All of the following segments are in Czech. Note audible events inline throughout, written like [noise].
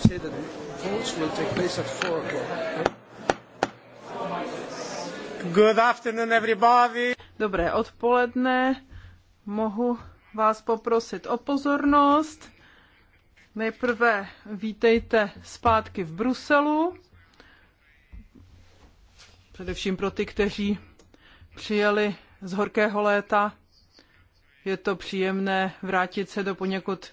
say that votes will take place at 4 o'clock. Good afternoon, everybody. Dobré odpoledne. Mohu vás poprosit o pozornost. Nejprve vítejte zpátky v Bruselu. Především pro ty, kteří přijeli z horkého léta. Je to příjemné vrátit se do poněkud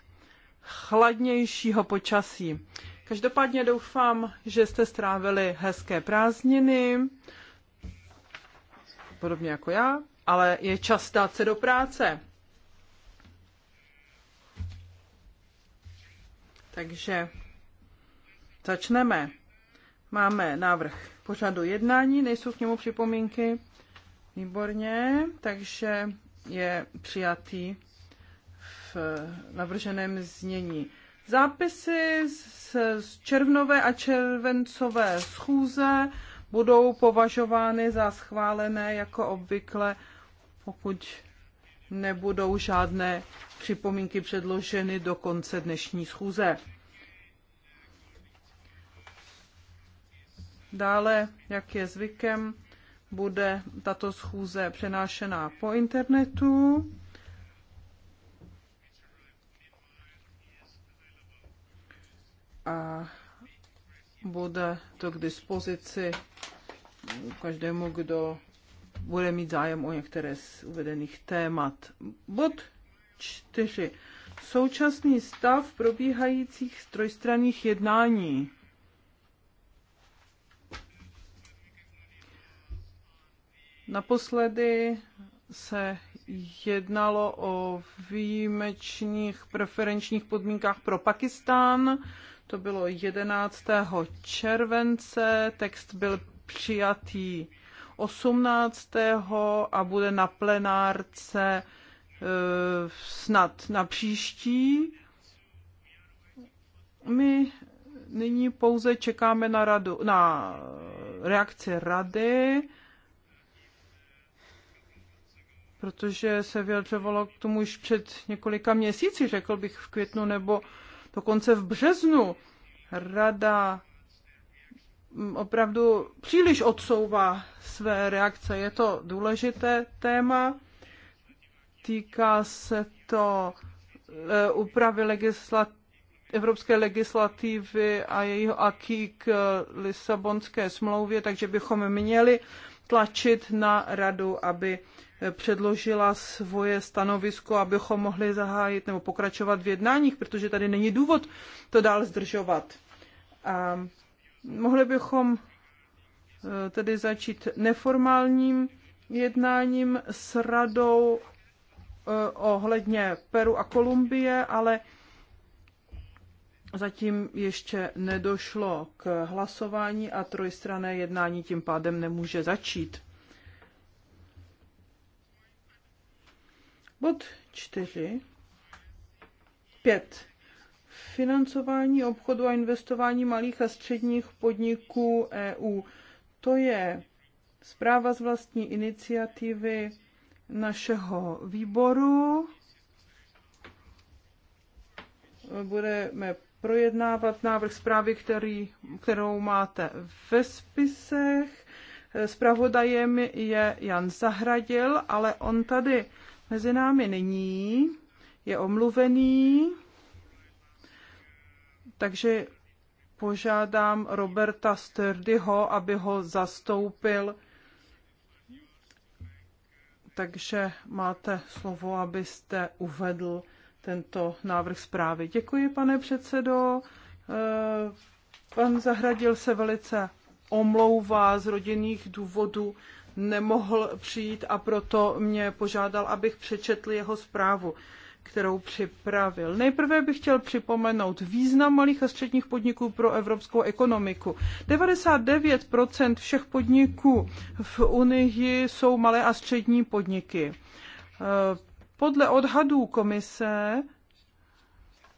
chladnějšího počasí. Každopádně doufám, že jste strávili hezké prázdniny, podobně jako já, ale je čas dát se do práce. Takže začneme. Máme návrh pořadu jednání, nejsou k němu připomínky. Výborně, takže je přijatý v navrženém znění. Zápisy z, z červnové a červencové schůze budou považovány za schválené jako obvykle, pokud nebudou žádné připomínky předloženy do konce dnešní schůze. Dále, jak je zvykem, bude tato schůze přenášená po internetu. a bude to k dispozici každému, kdo bude mít zájem o některé z uvedených témat. Bod 4. Současný stav probíhajících trojstranných jednání. Naposledy se jednalo o výjimečných preferenčních podmínkách pro Pakistán to bylo 11. července, text byl přijatý 18. a bude na plenárce e, snad na příští. My nyní pouze čekáme na, radu, na reakci rady, protože se vyjadřovalo k tomu už před několika měsíci, řekl bych v květnu nebo dokonce v březnu rada mm, opravdu příliš odsouvá své reakce. Je to důležité téma, týká se to e, úpravy legislat, evropské legislativy a jejího aký k Lisabonské smlouvě, takže bychom měli tlačit na radu, aby předložila svoje stanovisko, abychom mohli zahájit nebo pokračovat v jednáních, protože tady není důvod to dál zdržovat. A mohli bychom eh, tedy začít neformálním jednáním s radou eh, ohledně Peru a Kolumbie, ale zatím ještě nedošlo k hlasování a trojstrané jednání tím pádem nemůže začít. Bod 4. 5. Financování obchodu a investování malých a středních podniků EU. To je zpráva z vlastní iniciativy našeho výboru. Budeme projednávat návrh zprávy, který, kterou máte ve spisech. Spravodajem je Jan Zahradil, ale on tady mezi námi není, je omluvený, takže požádám Roberta Sturdyho, aby ho zastoupil. Takže máte slovo, abyste uvedl tento návrh zprávy. Děkuji, pane předsedo. Eh, pan Zahradil se velice omlouvá z rodinných důvodů nemohl přijít a proto mě požádal, abych přečetl jeho zprávu kterou připravil. Nejprve bych chtěl připomenout význam malých a středních podniků pro evropskou ekonomiku. 99% všech podniků v Unii jsou malé a střední podniky. Podle odhadů komise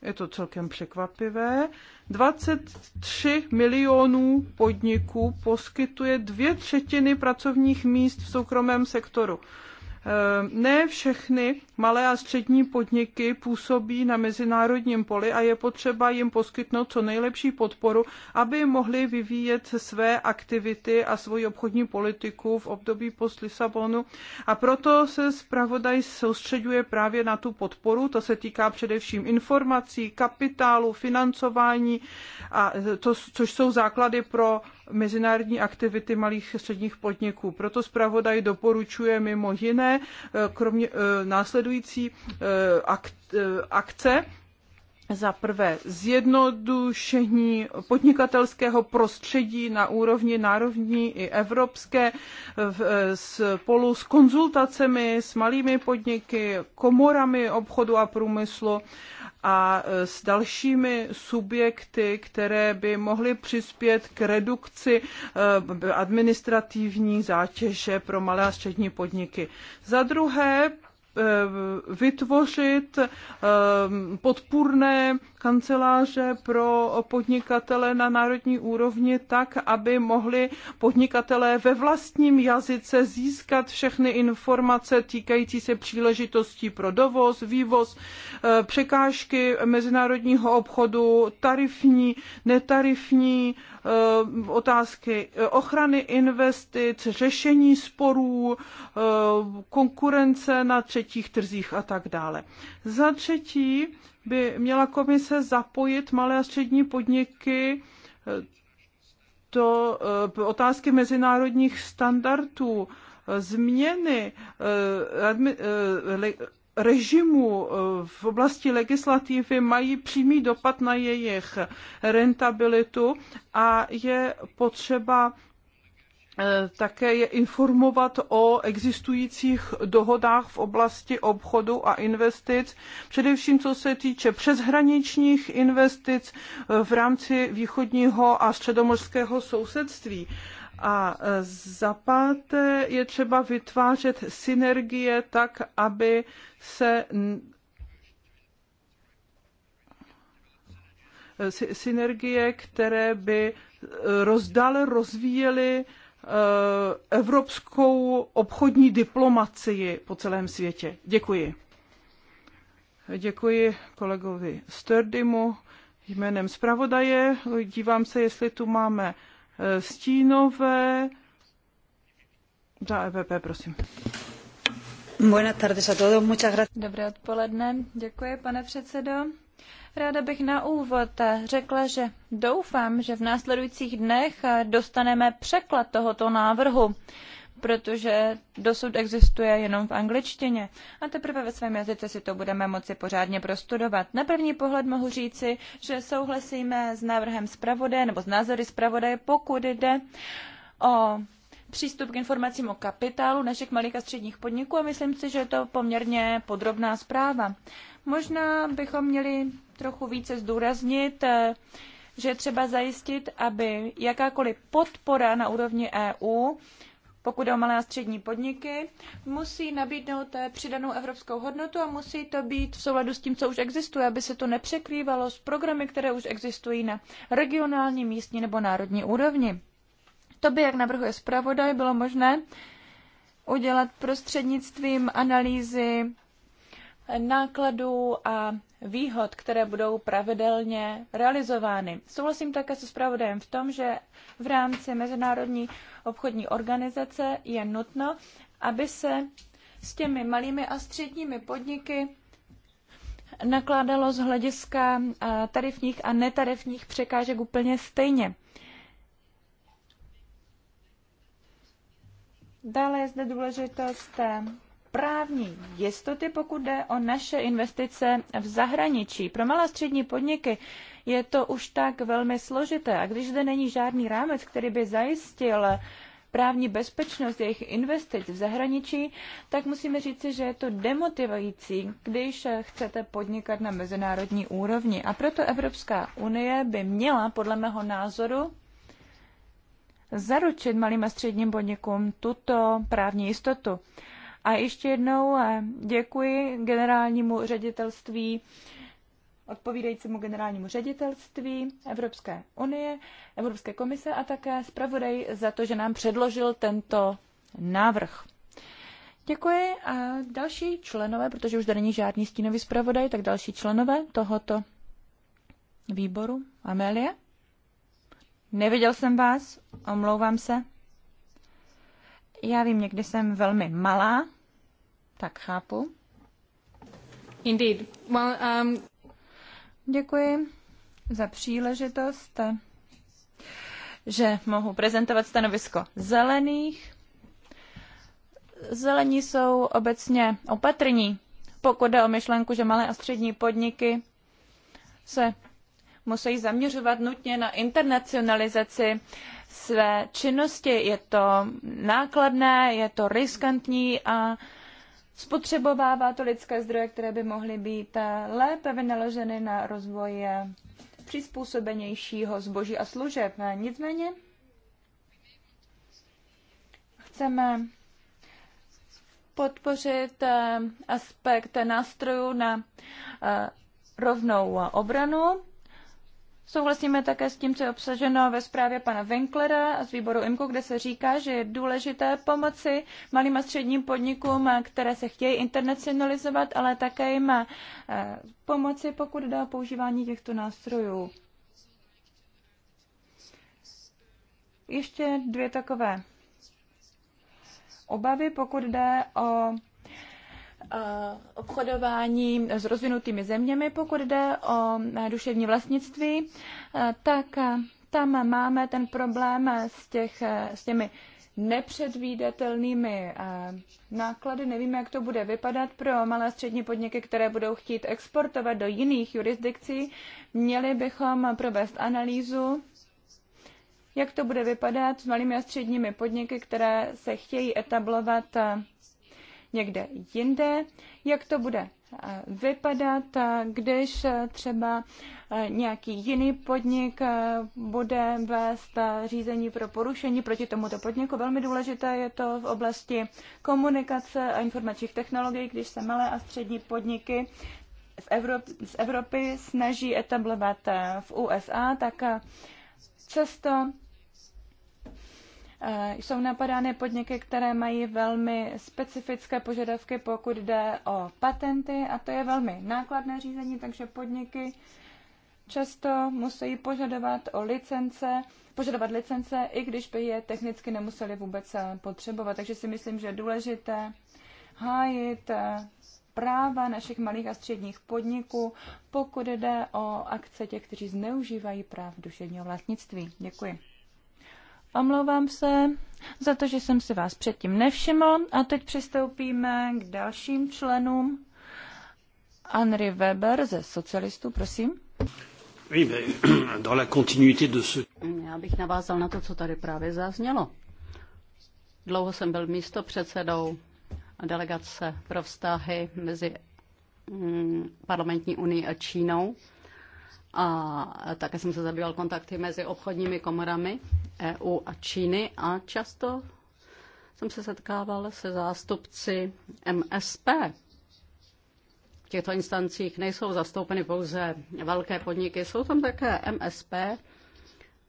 je to celkem překvapivé, 23 milionů podniků poskytuje dvě třetiny pracovních míst v soukromém sektoru. Eh, ne všechny malé a střední podniky působí na mezinárodním poli a je potřeba jim poskytnout co nejlepší podporu, aby mohli vyvíjet své aktivity a svoji obchodní politiku v období post Lisabonu. A proto se zpravodaj soustředuje právě na tu podporu. To se týká především informací, kapitálu, financování, a eh, to, což jsou základy pro mezinárodní aktivity malých a středních podniků. Proto zpravodaj doporučuje mimo jiné eh, kromě eh, následující eh, akce za prvé zjednodušení podnikatelského prostředí na úrovni národní i evropské e, spolu s konzultacemi s malými podniky, komorami obchodu a průmyslu a e, s dalšími subjekty, které by mohly přispět k redukci e, administrativní zátěže pro malé a střední podniky. Za druhé, Eh, vytvořit eh, podpůrné kanceláře pro podnikatele na národní úrovni tak, aby mohli podnikatelé ve vlastním jazyce získat všechny informace týkající se příležitostí pro dovoz, vývoz, eh, překážky mezinárodního obchodu, tarifní, netarifní, Eh, otázky eh, ochrany investic, řešení sporů, eh, konkurence na třetích trzích a tak dále. Za třetí by měla komise zapojit malé a střední podniky to otázky mezinárodních standardů, změny Režimu eh, v oblasti legislativy mají přímý dopad na jejich rentabilitu a je potřeba eh, také je informovat o existujících dohodách v oblasti obchodu a investic, především co se týče přeshraničních investic eh, v rámci východního a středomořského sousedství. A e, za páté je třeba vytvářet synergie tak, aby se synergie, které by e, rozdále rozvíjely e, evropskou obchodní diplomacii po celém světě. Děkuji. Děkuji kolegovi Sturdymu jménem zpravodaje. Dívám se, jestli tu máme Eh, stínové. Za EPP, prosím. Dobré odpoledne, děkuji pane předsedo. Ráda bych na úvod eh, řekla, že doufám, že v následujících dnech eh, dostaneme překlad tohoto návrhu protože dosud existuje jenom v angličtině a teprve ve svém jazyce si to budeme moci pořádně prostudovat. Na první pohled mohu říci, že souhlasíme s návrhem zpravodaje nebo s názory zpravodaje, pokud jde o přístup k informacím o kapitálu našich malých a středních podniků a myslím si, že je to poměrně podrobná zpráva. Možná bychom měli trochu více zdůraznit, že třeba zajistit, aby jakákoliv podpora na úrovni EU pokud jde o malé a střední podniky, musí nabídnout eh, přidanou evropskou hodnotu a musí to být v souladu s tím, co už existuje, aby se to nepřekrývalo s programy, které už existují na regionální, místní nebo národní úrovni. To by, jak navrhuje zpravodaj, bylo možné udělat prostřednictvím analýzy nákladů a výhod, které budou pravidelně realizovány. Souhlasím také se zpravodajem v tom, že v rámci Mezinárodní obchodní organizace je nutno, aby se s těmi malými a středními podniky nakládalo z hlediska eh, tarifních a netarifních překážek úplně stejně. Dále je zde důležitost eh, právní jistoty, pokud jde o naše investice v zahraničí. Pro malé střední podniky je to už tak velmi složité. A když zde není žádný rámec, který by zajistil právní bezpečnost jejich investic v zahraničí, tak musíme říci, že je to demotivující, když chcete podnikat na mezinárodní úrovni. A proto Evropská unie by měla, podle mého názoru, zaručit malým a středním podnikům tuto právní jistotu. A ještě jednou eh, děkuji generálnímu ředitelství odpovídajícímu generálnímu ředitelství Evropské unie, Evropské komise a také zpravodaj za to, že nám předložil tento návrh. Děkuji a další členové, protože už zde není žádný stínový zpravodaj, tak další členové tohoto výboru. Amélie? Neviděl jsem vás, omlouvám se. Já vím, někdy jsem velmi malá, tak chápu. Indeed. Well, um... Děkuji za příležitost, že mohu prezentovat stanovisko zelených. Zelení jsou obecně opatrní, pokud jde o myšlenku, že malé a střední podniky se musí zaměřovat nutně na internacionalizaci své činnosti. Je to nákladné, je to riskantní a spotřebovává to lidské zdroje, které by mohly být lépe vynaloženy na rozvoj přizpůsobenějšího zboží a služeb. Nicméně chceme podpořit eh, aspekt nástrojů na eh, rovnou obranu. Souhlasíme také s tím, co je obsaženo ve zprávě pana Winklera a z výboru IMKU, kde se říká, že je důležité pomoci malým a středním podnikům, které se chtějí internacionalizovat, ale také jim eh, pomoci, pokud jde o používání těchto nástrojů. Ještě dvě takové obavy, pokud jde o Eh, obchodování s rozvinutými zeměmi, pokud jde o eh, duševní vlastnictví, eh, tak tam máme ten problém s, těch, s těmi nepředvídatelnými náklady. Nevíme, jak to bude vypadat pro malé a střední podniky, které budou chtít exportovat do jiných jurisdikcí. Měli bychom provést analýzu, jak to bude vypadat s malými a středními podniky, které se chtějí etablovat někde jinde, jak to bude eh, vypadat, eh, když eh, třeba nějaký jiný podnik bude vést řízení pro porušení proti tomuto podniku. Velmi důležité je to v oblasti komunikace a informačních technologií, když se malé a střední podniky v Evrop- z Evropy snaží etablovat v USA, tak často Eh, jsou napadány podniky, které mají velmi specifické požadavky, pokud jde o patenty, a to je velmi nákladné řízení, takže podniky často musí požadovat o licence, požadovat licence, i když by je technicky nemuseli vůbec eh, potřebovat. Takže si myslím, že je důležité hájit eh, práva našich malých a středních podniků, pokud jde o akce těch, kteří zneužívají práv duševního vlastnictví. Děkuji. Omlouvám se za to, že jsem si vás předtím nevšiml. A teď přistoupíme k dalším členům. Henry Weber ze socialistů, prosím. [clears throat] Já bych navázal na to, co tady právě zaznělo. Dlouho jsem byl místo předsedou delegace pro vztahy mezi mm, parlamentní unii a Čínou a také jsem se zabýval kontakty mezi obchodními komorami EU a Číny a často jsem se setkával se zástupci MSP. V těchto instancích nejsou zastoupeny pouze velké podniky, jsou tam také MSP,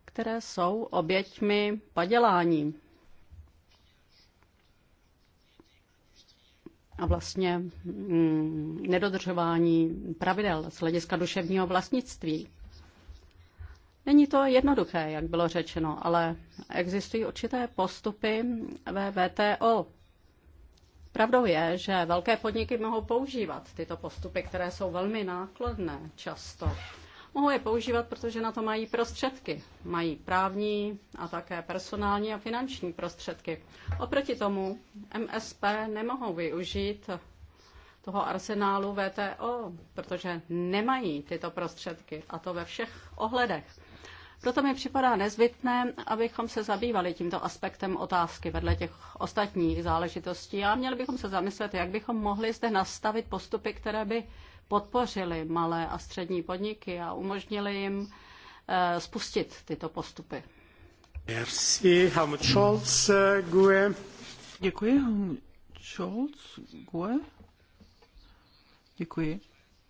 které jsou oběťmi padělání. a vlastně mm, nedodržování pravidel z hlediska duševního vlastnictví. Není to jednoduché, jak bylo řečeno, ale existují určité postupy ve VTO. Pravdou je, že velké podniky mohou používat tyto postupy, které jsou velmi nákladné často mohou je používat, protože na to mají prostředky. Mají právní a také personální a finanční prostředky. Oproti tomu MSP nemohou využít toho arsenálu VTO, protože nemají tyto prostředky a to ve všech ohledech. Proto mi připadá nezbytné, abychom se zabývali tímto aspektem otázky vedle těch ostatních záležitostí a měli bychom se zamyslet, jak bychom mohli zde nastavit postupy, které by podpořili malé a střední podniky a umožnili jim eh, spustit tyto postupy. Merci, Helmut Scholz, eh, GUE. Děkuji, Helmut Scholz, GUE. Děkuji.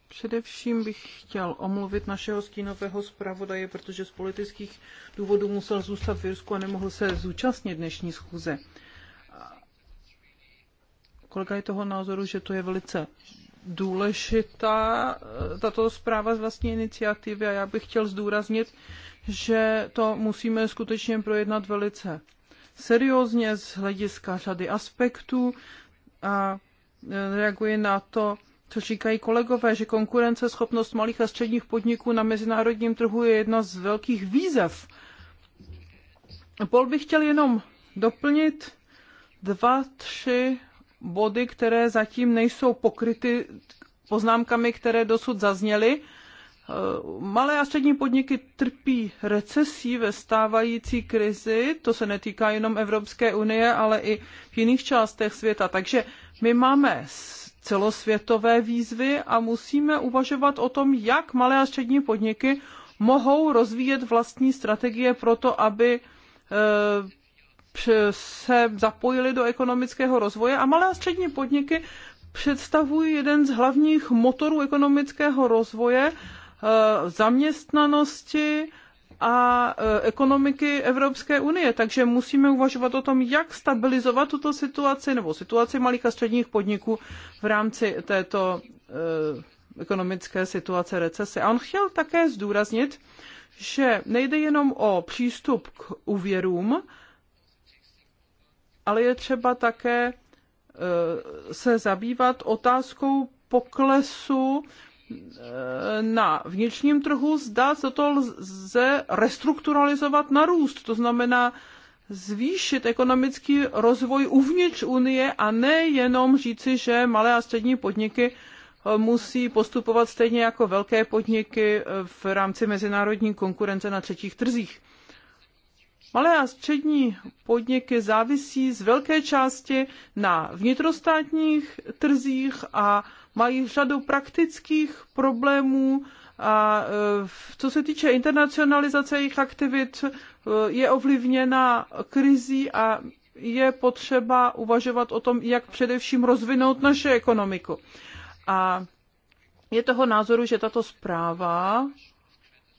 Především bych chtěl omluvit našeho stínového zpravodaje, protože z politických důvodů musel zůstat v Jirsku a nemohl se zúčastnit dnešní schůze. Kolega je toho názoru, že to je velice důležitá eh, tato zpráva z vlastní iniciativy a já bych chtěl zdůraznit, že to musíme skutečně projednat velice seriózně z hlediska řady aspektů a eh, reaguji na to, co říkají kolegové, že konkurenceschopnost malých a středních podniků na mezinárodním trhu je jedna z velkých výzev. Pol bych chtěl jenom doplnit dva, tři body, které zatím nejsou pokryty poznámkami, které dosud zazněly. Eh, malé a střední podniky trpí recesí ve stávající krizi, to se netýká jenom Evropské unie, ale i v jiných částech světa. Takže my máme celosvětové výzvy a musíme uvažovat o tom, jak malé a střední podniky mohou rozvíjet vlastní strategie pro to, aby eh, se zapojily do ekonomického rozvoje a malé a střední podniky představují jeden z hlavních motorů ekonomického rozvoje, eh, zaměstnanosti a eh, ekonomiky Evropské unie. Takže musíme uvažovat o tom, jak stabilizovat tuto situaci nebo situaci malých a středních podniků v rámci této eh, ekonomické situace recese. A on chtěl také zdůraznit, že nejde jenom o přístup k úvěrům, ale je třeba také eh, se zabývat otázkou poklesu eh, na vnitřním trhu, zdá se to lze restrukturalizovat na růst, to znamená zvýšit ekonomický rozvoj uvnitř Unie a ne jenom říci, že malé a střední podniky eh, musí postupovat stejně jako velké podniky v rámci mezinárodní konkurence na třetích trzích. Malé a střední podniky závisí z velké části na vnitrostátních trzích a mají řadu praktických problémů. A e, co se týče internacionalizace jejich aktivit, e, je ovlivněna krizí a je potřeba uvažovat o tom, jak především rozvinout naše ekonomiku. A je toho názoru, že tato zpráva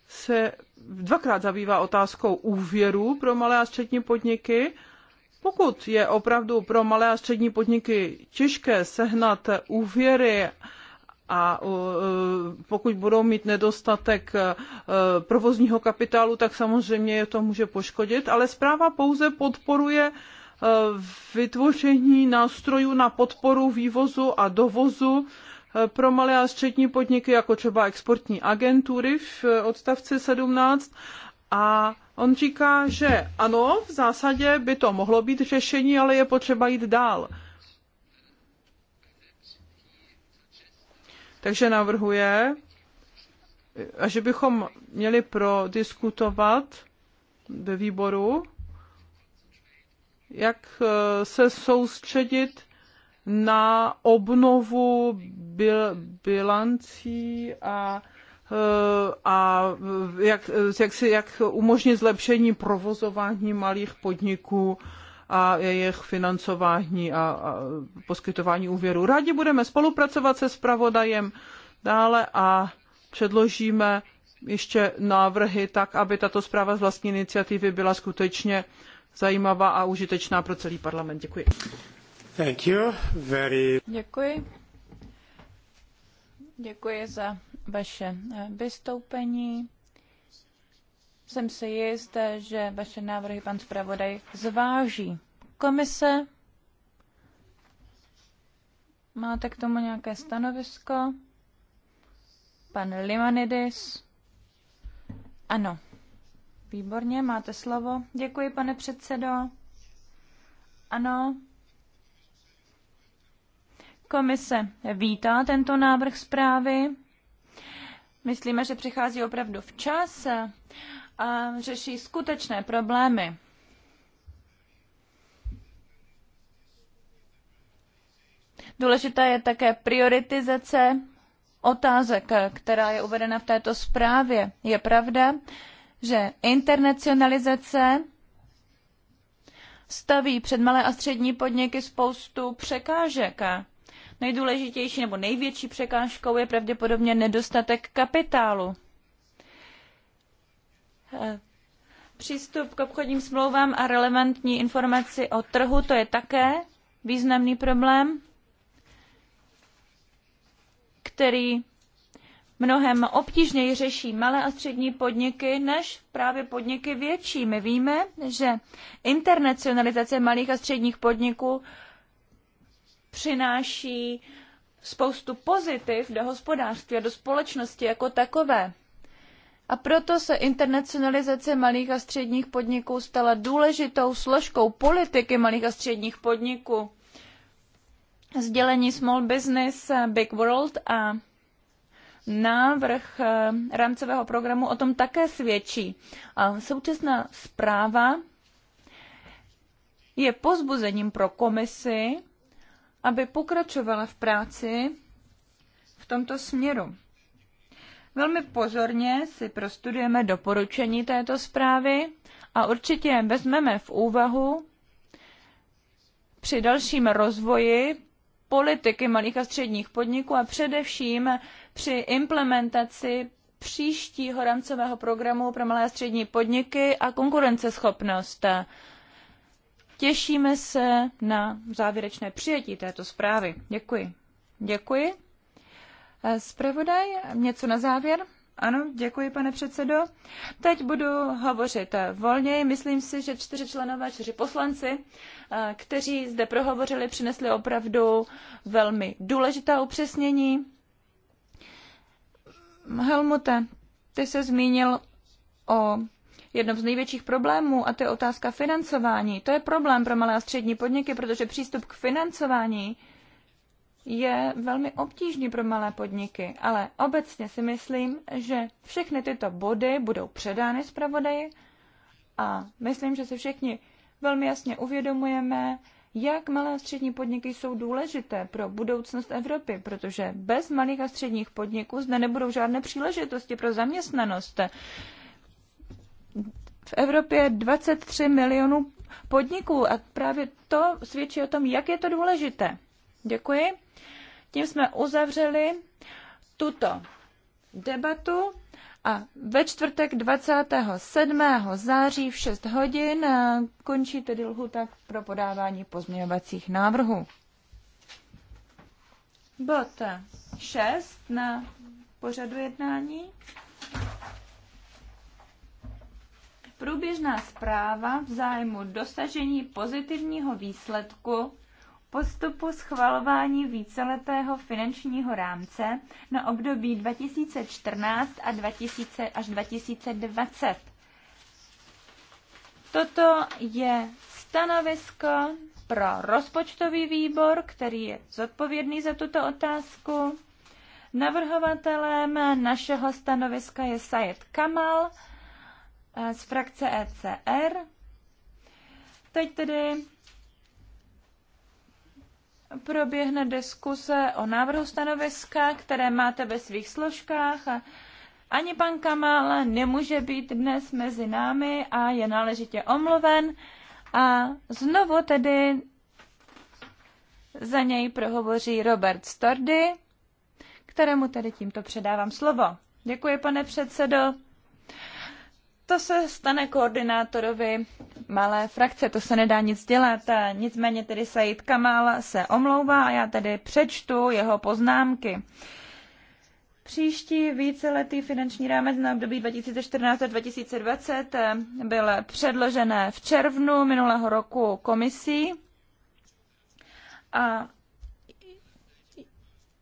se dvakrát zabývá otázkou úvěru pro malé a střední podniky. Pokud je opravdu pro malé a střední podniky těžké sehnat úvěry a e, pokud budou mít nedostatek e, provozního kapitálu, tak samozřejmě je to může poškodit, ale zpráva pouze podporuje e, vytvoření nástrojů na podporu vývozu a dovozu pro malé a střední podniky, jako třeba exportní agentury v eh, odstavci 17. A on říká, že ano, v zásadě by to mohlo být řešení, ale je potřeba jít dál. Takže navrhuje, eh, a že bychom měli prodiskutovat ve výboru, jak eh, se soustředit na obnovu bil, bilancí a eh, a eh, jak, jak, si, jak umožnit zlepšení provozování malých podniků a jejich financování a, a poskytování úvěru. Rádi budeme spolupracovat se spravodajem dále a předložíme ještě návrhy tak, aby tato zpráva z vlastní iniciativy byla skutečně zajímavá a užitečná pro celý parlament. Děkuji. Děkuji. Děkuji za vaše eh, vystoupení. Jsem si jist, že vaše návrhy pan zpravodaj zváží. Komise, máte k tomu nějaké stanovisko? Pan Limanidis? Ano. Výborně, máte slovo. Děkuji, pane předsedo. Ano, Komise vítá tento návrh zprávy. Myslíme, že přichází opravdu včas a řeší skutečné problémy. Důležitá je také prioritizace otázek, která je uvedena v této zprávě. Je pravda, že internacionalizace staví před malé a střední podniky spoustu překážek. Nejdůležitější nebo největší překážkou je pravděpodobně nedostatek kapitálu. Přístup k obchodním smlouvám a relevantní informaci o trhu, to je také významný problém, který mnohem obtížněji řeší malé a střední podniky než právě podniky větší. My víme, že internacionalizace malých a středních podniků přináší spoustu pozitiv do hospodářství a do společnosti jako takové. A proto se internacionalizace malých a středních podniků stala důležitou složkou politiky malých a středních podniků. Sdělení Small Business Big World a návrh eh, rámcového programu o tom také svědčí. A současná zpráva je pozbuzením pro komisi, aby pokračovala v práci v tomto směru. Velmi pozorně si prostudujeme doporučení této zprávy a určitě vezmeme v úvahu při dalším rozvoji politiky malých a středních podniků a především při implementaci příštího rámcového programu pro malé a střední podniky a konkurenceschopnost. Těšíme se na závěrečné přijetí této zprávy. Děkuji. Děkuji. Zpravodaj, něco na závěr? Ano, děkuji, pane předsedo. Teď budu hovořit volněji. Myslím si, že čtyři členové, čtyři poslanci, kteří zde prohovořili, přinesli opravdu velmi důležitá upřesnění. Helmute, ty se zmínil o jednom z největších problémů a to je otázka financování. To je problém pro malé a střední podniky, protože přístup k financování je velmi obtížný pro malé podniky, ale obecně si myslím, že všechny tyto body budou předány zpravodaji a myslím, že se všichni velmi jasně uvědomujeme, jak malé a střední podniky jsou důležité pro budoucnost Evropy, protože bez malých a středních podniků zde nebudou žádné příležitosti pro zaměstnanost v Evropě 23 milionů podniků a právě to svědčí o tom, jak je to důležité. Děkuji. Tím jsme uzavřeli tuto debatu a ve čtvrtek 27. září v 6 hodin končí tedy lhuta pro podávání pozměňovacích návrhů. Bod 6 na pořadu jednání. Průběžná zpráva v zájmu dosažení pozitivního výsledku postupu schvalování víceletého finančního rámce na období 2014 a 2000 až 2020. Toto je stanovisko pro rozpočtový výbor, který je zodpovědný za tuto otázku. Navrhovatelem našeho stanoviska je Sayed Kamal Eh, z frakce ECR. Teď tedy proběhne diskuse o návrhu stanoviska, které máte ve svých složkách. Ani pan Kamal nemůže být dnes mezi námi a je náležitě omluven. A znovu tedy za něj prohovoří Robert Stordy, kterému tedy tímto předávám slovo. Děkuji, pane předsedo to se stane koordinátorovi malé frakce, to se nedá nic dělat. Nicméně tedy Said Kamal se omlouvá a já tedy přečtu jeho poznámky. Příští víceletý finanční rámec na období 2014 2020 byl předložen v červnu minulého roku komisí a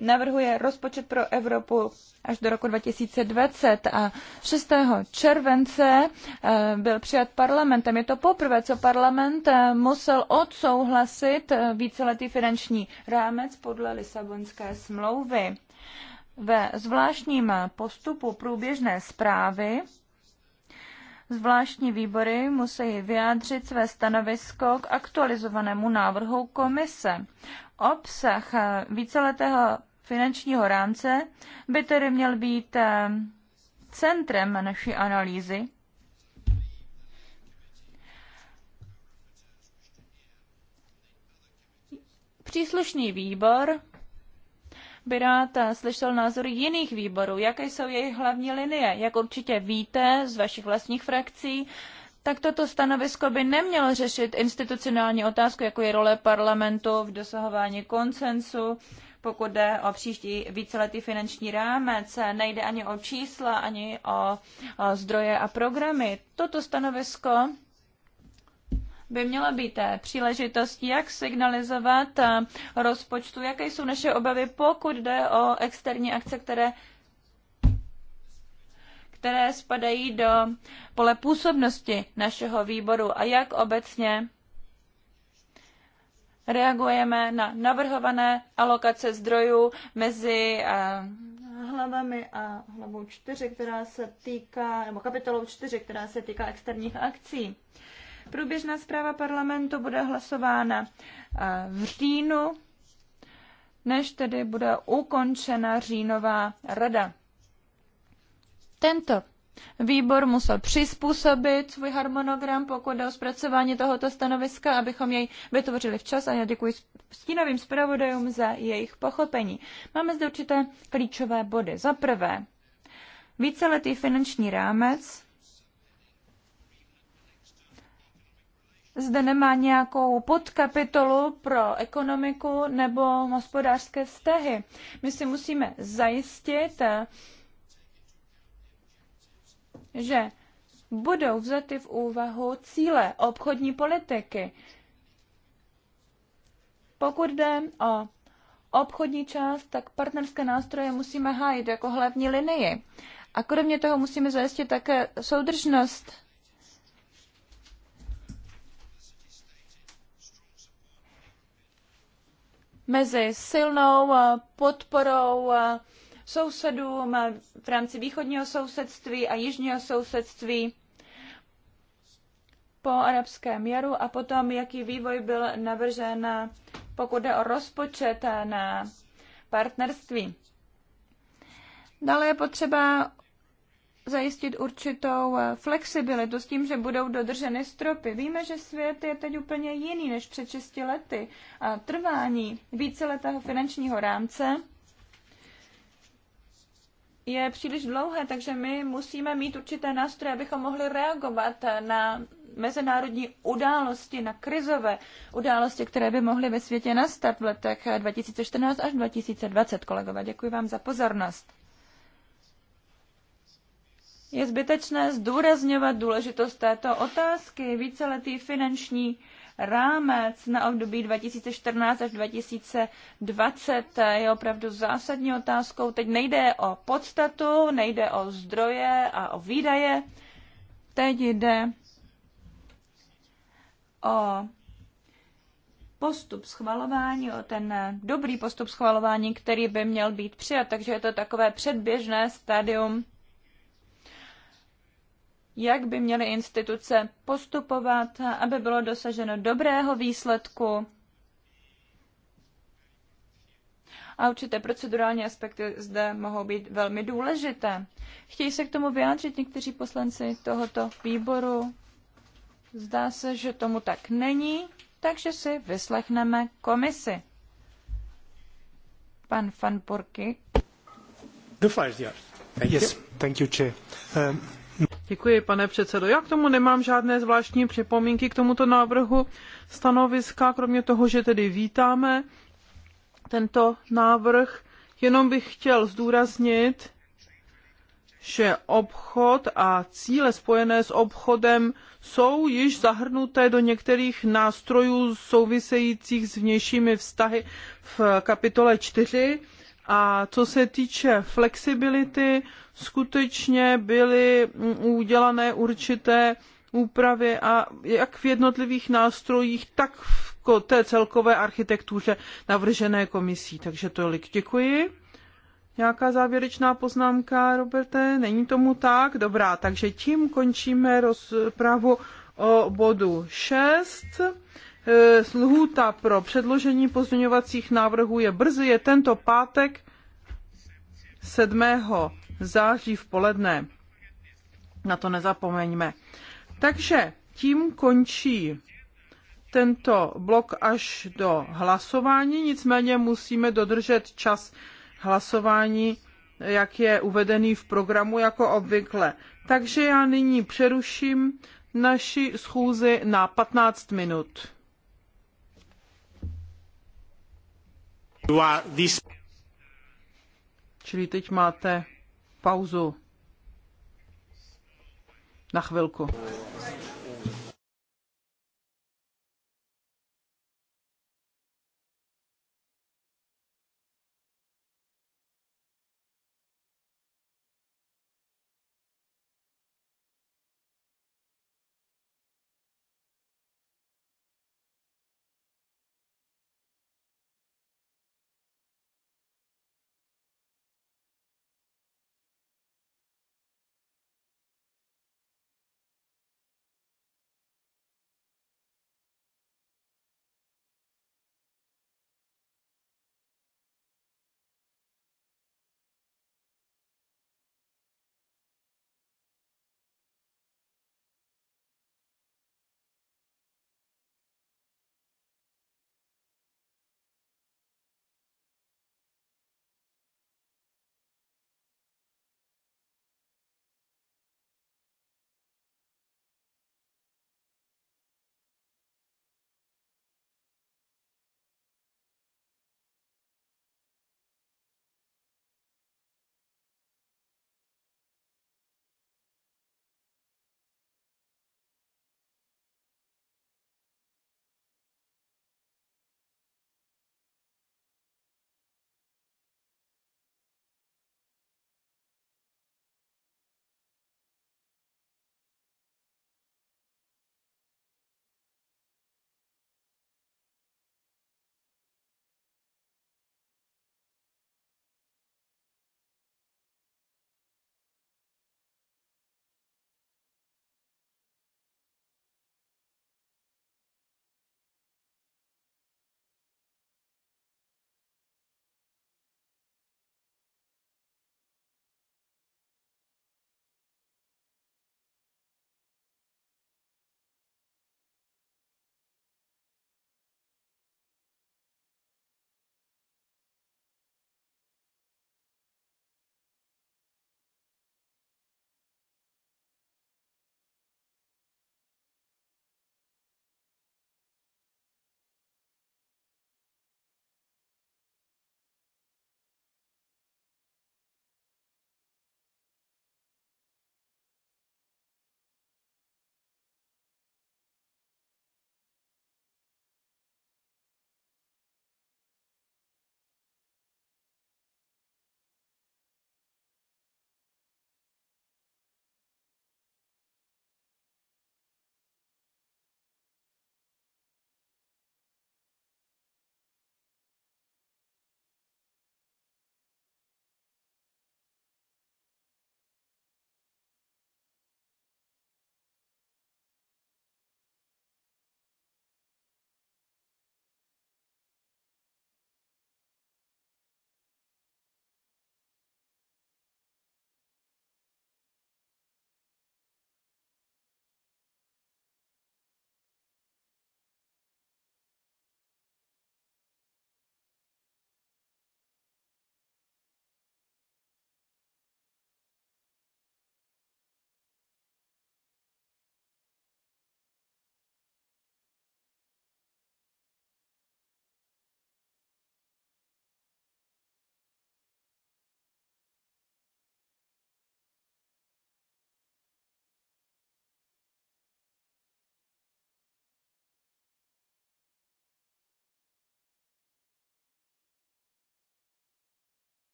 navrhuje rozpočet pro Evropu až do roku 2020 a 6. července eh, byl přijat parlamentem. Je to poprvé, co parlament eh, musel odsouhlasit eh, víceletý finanční rámec podle Lisabonské smlouvy. Ve zvláštním postupu průběžné zprávy Zvláštní výbory musí vyjádřit své stanovisko k aktualizovanému návrhu komise obsah eh, víceletého finančního rámce by tedy měl být eh, centrem naší analýzy. Příslušný výbor by rád eh, slyšel názory jiných výborů, jaké jsou jejich hlavní linie. Jak určitě víte z vašich vlastních frakcí, tak toto stanovisko by nemělo řešit institucionální otázku, jako je role parlamentu v dosahování konsensu, pokud jde o příští víceletý finanční rámec. Nejde ani o čísla, ani o, o zdroje a programy. Toto stanovisko by mělo být Příležitost, jak signalizovat rozpočtu, jaké jsou naše obavy, pokud jde o externí akce, které které spadají do pole působnosti našeho výboru a jak obecně reagujeme na navrhované alokace zdrojů mezi eh, hlavami a hlavou 4, která se týká, nebo kapitolou 4, která se týká externích akcí. Průběžná zpráva parlamentu bude hlasována eh, v říjnu, než tedy bude ukončena říjnová rada. Tento výbor musel přizpůsobit svůj harmonogram, pokud jde o zpracování tohoto stanoviska, abychom jej vytvořili včas a já děkuji stínovým zpravodajům za jejich pochopení. Máme zde určité klíčové body. Za prvé, víceletý finanční rámec zde nemá nějakou podkapitolu pro ekonomiku nebo hospodářské vztahy. My si musíme zajistit, že budou vzaty v úvahu cíle obchodní politiky. Pokud jde o obchodní část, tak partnerské nástroje musíme hájit jako hlavní linii. A kromě toho musíme zajistit také soudržnost. mezi silnou podporou sousedům v rámci východního sousedství a jižního sousedství po arabském jaru a potom, jaký vývoj byl navržen, pokud jde o rozpočet na partnerství. Dále je potřeba zajistit určitou flexibilitu s tím, že budou dodrženy stropy. Víme, že svět je teď úplně jiný než před 6 lety a trvání víceletého finančního rámce je příliš dlouhé, takže my musíme mít určité nástroje, abychom mohli reagovat na mezinárodní události, na krizové události, které by mohly ve světě nastat v letech 2014 až 2020. Kolegové, děkuji vám za pozornost. Je zbytečné zdůrazňovat důležitost této otázky. Víceletý finanční rámec na období 2014 až 2020 je opravdu zásadní otázkou. Teď nejde o podstatu, nejde o zdroje a o výdaje. Teď jde o postup schvalování, o ten dobrý postup schvalování, který by měl být přijat. Takže je to takové předběžné stádium jak by měly instituce postupovat, aby bylo dosaženo dobrého výsledku. A určité procedurální aspekty zde mohou být velmi důležité. Chtějí se k tomu vyjádřit někteří poslanci tohoto výboru? Zdá se, že tomu tak není, takže si vyslechneme komisi. Pan Van Porky. The fire, yes. Thank you, Chair. Um, Děkuji, pane předsedo. Já k tomu nemám žádné zvláštní připomínky k tomuto návrhu stanoviska, kromě toho, že tedy vítáme tento návrh. Jenom bych chtěl zdůraznit, že obchod a cíle spojené s obchodem jsou již zahrnuté do některých nástrojů souvisejících s vnějšími vztahy v kapitole 4 a co se týče flexibility, skutečně byly udělané určité úpravy a jak v jednotlivých nástrojích, tak v té celkové architektuře navržené komisí. Takže tolik děkuji. Nějaká závěrečná poznámka, Roberte? Není tomu tak? Dobrá, takže tím končíme rozpravu o bodu 6 Eh, lhůta pro předložení pozměňovacích návrhů je brzy, je tento pátek 7. září v poledne. Na to nezapomeňme. Takže tím končí tento blok až do hlasování, nicméně musíme dodržet čas hlasování, jak je uvedený v programu jako obvykle. Takže já nyní přeruším naši schůzi na 15 minut. Čili teď máte pauzu na chvilku.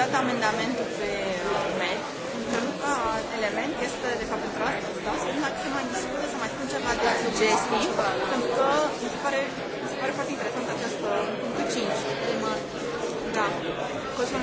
dat amendamentul pe uh, MED, pentru că element este, de fapt, vreau să dau dacă se mai discută, să mai spun ceva de sugestii, pentru că mi se pare, mi se pare foarte interesant acest punctul 5. Uh, da. nu Cosmul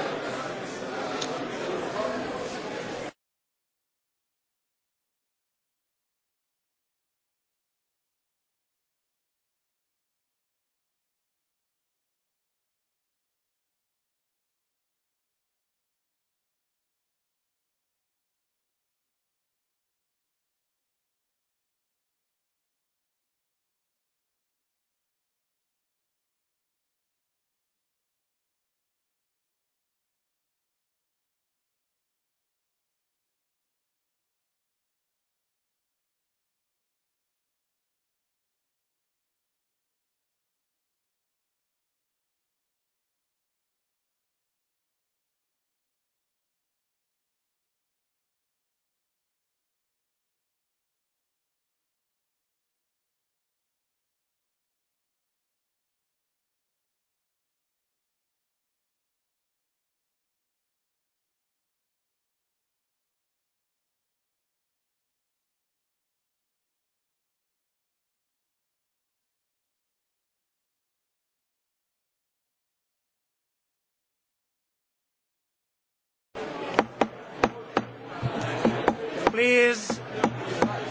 Please.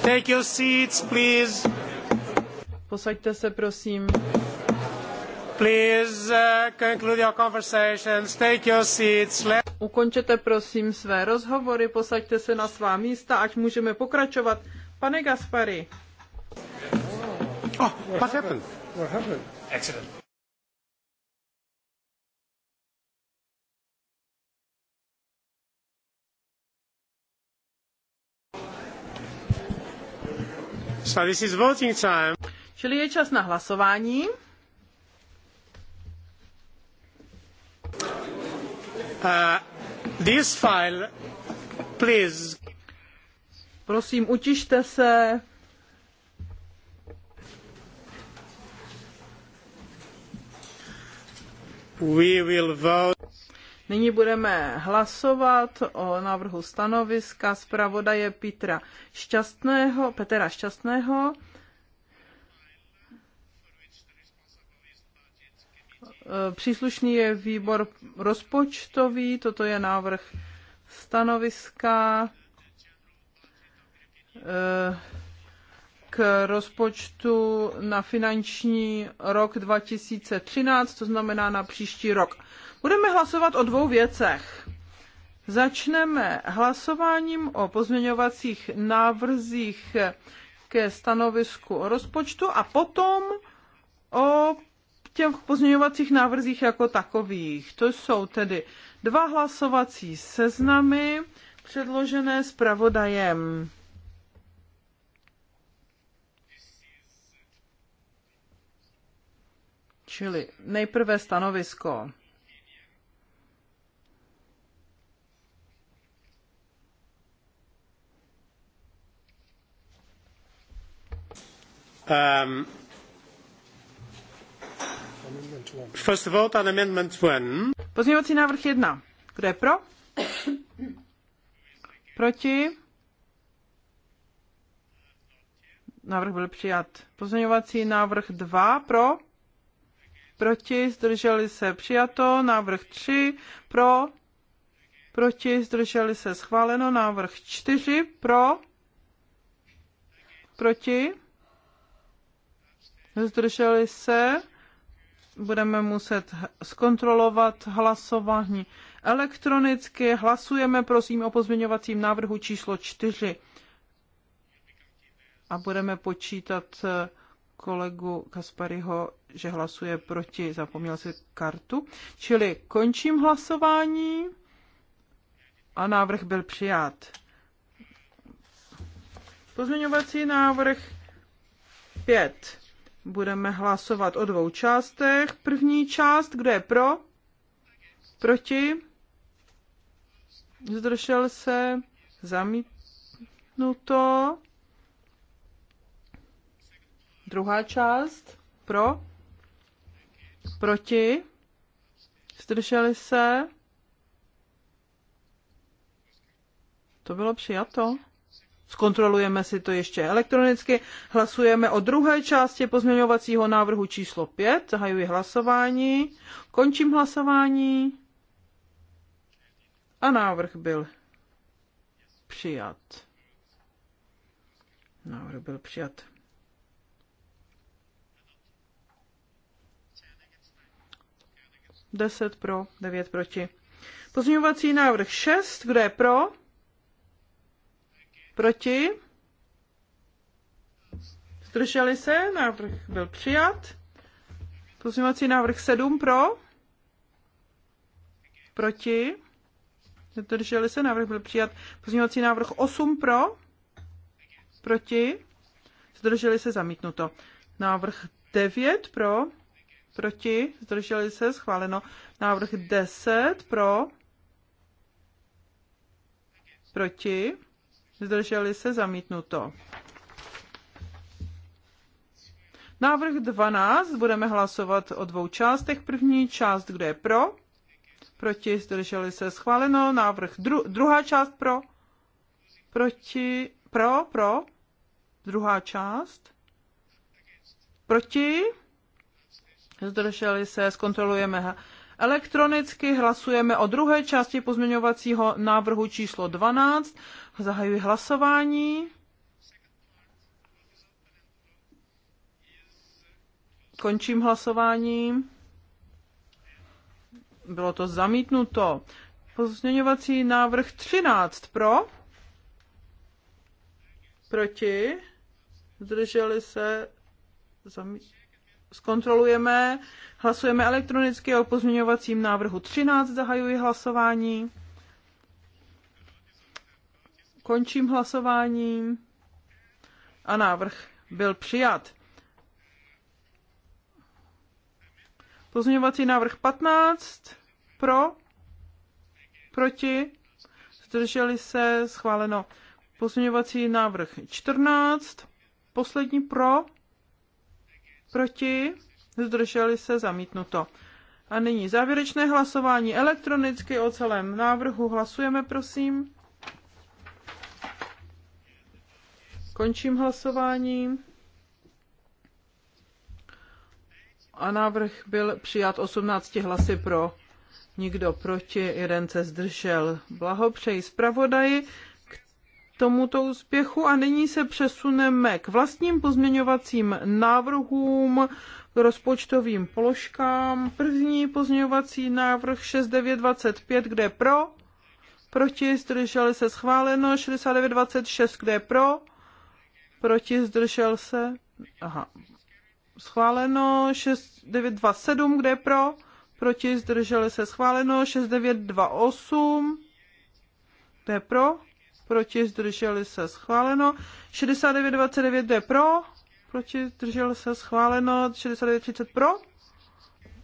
Take your seats, please. Posaďte se, prosím. Please uh, conclude your conversations. Take your seats. Let... Ukončete, prosím, své rozhovory, posaďte se na svá místa, ať můžeme pokračovat. Pane Gaspari. Oh, what happened? What happened? Accident. So this is voting time. Čili je čas na hlasování. Uh, this file, please. Prosím, utište se. We will vote. Nyní budeme hlasovat o návrhu stanoviska zpravodaje Petra Šťastného, Petra Šťastného. Příslušný je výbor rozpočtový, toto je návrh stanoviska. E k rozpočtu na finanční rok 2013, to znamená na příští rok. Budeme hlasovat o dvou věcech. Začneme hlasováním o pozměňovacích návrzích ke stanovisku o rozpočtu a potom o těch pozměňovacích návrzích jako takových. To jsou tedy dva hlasovací seznamy předložené zpravodajem. Čili nejprve stanovisko. Um, first of all, on amendment one. Pozměňovací návrh jedna. Kdo je pro? Proti? Návrh byl přijat. Pozměňovací návrh dva pro? proti, zdrželi se přijato, návrh 3 pro, proti, zdrželi se schváleno, návrh 4 pro, proti, zdrželi se, budeme muset zkontrolovat hlasování elektronicky, hlasujeme prosím o pozměňovacím návrhu číslo 4 a budeme počítat eh, kolegu Kaspariho že hlasuje proti, zapomněl si kartu. Čili končím hlasování a návrh byl přijat. Pozměňovací návrh 5. Budeme hlasovat o dvou částech. První část, kdo je pro? Proti? Zdržel se? Zamítnuto? Druhá část? Pro? Proti? Zdrželi se? To bylo přijato. Zkontrolujeme si to ještě elektronicky. Hlasujeme o druhé části pozměňovacího návrhu číslo 5. Zahajuji hlasování. Končím hlasování. A návrh byl přijat. Návrh byl přijat. 10 pro, 9 proti. Pozměňovací návrh 6, kdo je pro? Proti? Zdrželi se, návrh byl přijat. Pozměňovací návrh 7 pro? Proti? Zdrželi se, návrh byl přijat. Pozměňovací návrh 8 pro? Proti? Zdrželi se, zamítnuto. Návrh 9 pro? proti, zdrželi se, schváleno. Návrh 10 pro, proti, zdrželi se, zamítnuto. Návrh 12 budeme hlasovat o dvou částech. První část, kde je pro, proti, zdrželi se, schváleno. Návrh dru, druhá část pro, proti, pro, pro, druhá část, proti, zdrželi se, zkontrolujeme elektronicky, hlasujeme o druhé části pozměňovacího návrhu číslo 12. Zahajuji hlasování. Končím hlasování. Bylo to zamítnuto. Pozměňovací návrh 13 pro. Proti. Zdrželi se. Zamítnuto zkontrolujeme. Hlasujeme elektronicky o pozměňovacím návrhu 13. Zahajuji hlasování. Končím hlasování. A návrh byl přijat. Pozměňovací návrh 15. Pro. Proti. Zdrželi se. Schváleno. Pozměňovací návrh 14. Poslední pro proti, zdrželi se, zamítnuto. A nyní závěrečné hlasování elektronicky o celém návrhu. Hlasujeme, prosím. Končím hlasování. A návrh byl přijat 18 hlasy pro, nikdo proti, jeden se zdržel. Blahopřeji zpravodaji tomuto úspěchu a nyní se přesuneme k vlastním pozměňovacím návrhům, k rozpočtovým položkám. První pozměňovací návrh 6925, kde pro, proti, zdržel se schváleno, 6926, kde pro, proti, zdržel se, aha, schváleno, 6927, kde pro, proti, zdržel se schváleno, 6928, kde pro, proti, zdrželi se, schváleno. 69,29 jde pro, proti, zdrželi se, schváleno. 69,30 pro,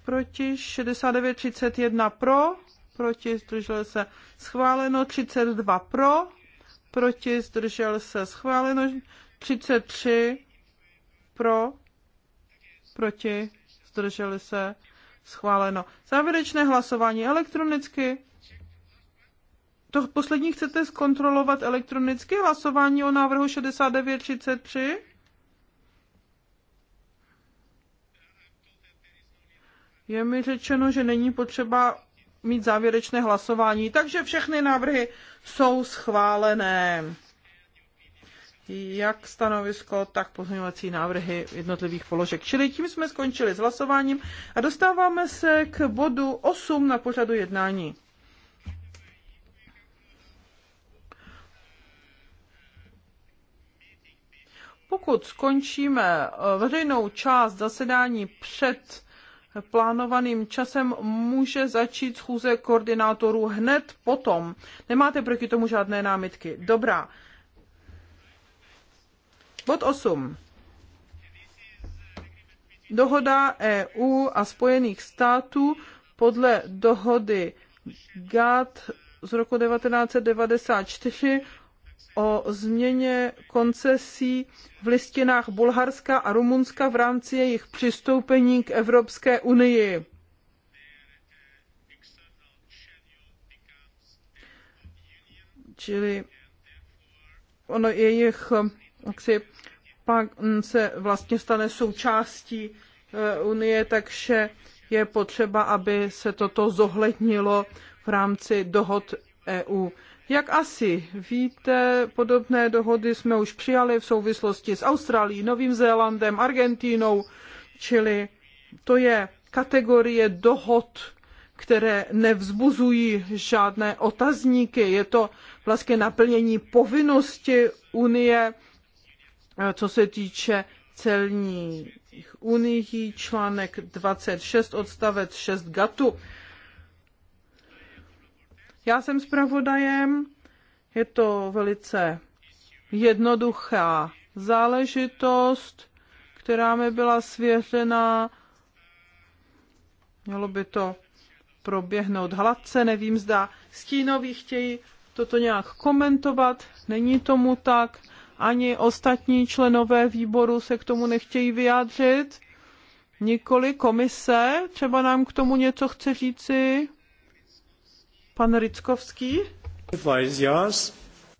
proti, 69,31 pro, proti, zdrželi se, schváleno. 32 pro, proti, zdrželi se, schváleno. 33 pro, proti, zdrželi se, schváleno. Závěrečné hlasování elektronicky. To poslední chcete zkontrolovat elektronicky hlasování o návrhu 6933? Je mi řečeno, že není potřeba mít závěrečné hlasování, takže všechny návrhy jsou schválené. Jak stanovisko, tak pozměňovací návrhy jednotlivých položek. Čili tím jsme skončili s hlasováním a dostáváme se k bodu 8 na pořadu jednání. Pokud skončíme eh, veřejnou část zasedání před plánovaným časem, může začít schůze koordinátorů hned potom. Nemáte proti tomu žádné námitky. Dobrá. Bod 8. Dohoda EU a Spojených států podle dohody GATT z roku 1994 o změně koncesí v listinách Bulharska a Rumunska v rámci jejich přistoupení k Evropské unii. Čili ono jejich jaksi, pak se vlastně stane součástí eh, Unie, takže je potřeba, aby se toto zohlednilo v rámci dohod EU. Jak asi víte, podobné dohody jsme už přijali v souvislosti s Austrálií, Novým Zélandem, Argentínou, čili to je kategorie dohod, které nevzbuzují žádné otazníky. Je to vlastně naplnění povinnosti Unie, co se týče celních unijní článek 26 odstavec 6 GATU. Já jsem zpravodajem, je to velice jednoduchá záležitost, která mi byla svěřena. Mělo by to proběhnout hladce, nevím, zda stínoví chtějí toto nějak komentovat, není tomu tak, ani ostatní členové výboru se k tomu nechtějí vyjádřit. Nikoli komise, třeba nám k tomu něco chce říci. Pan Rickovský?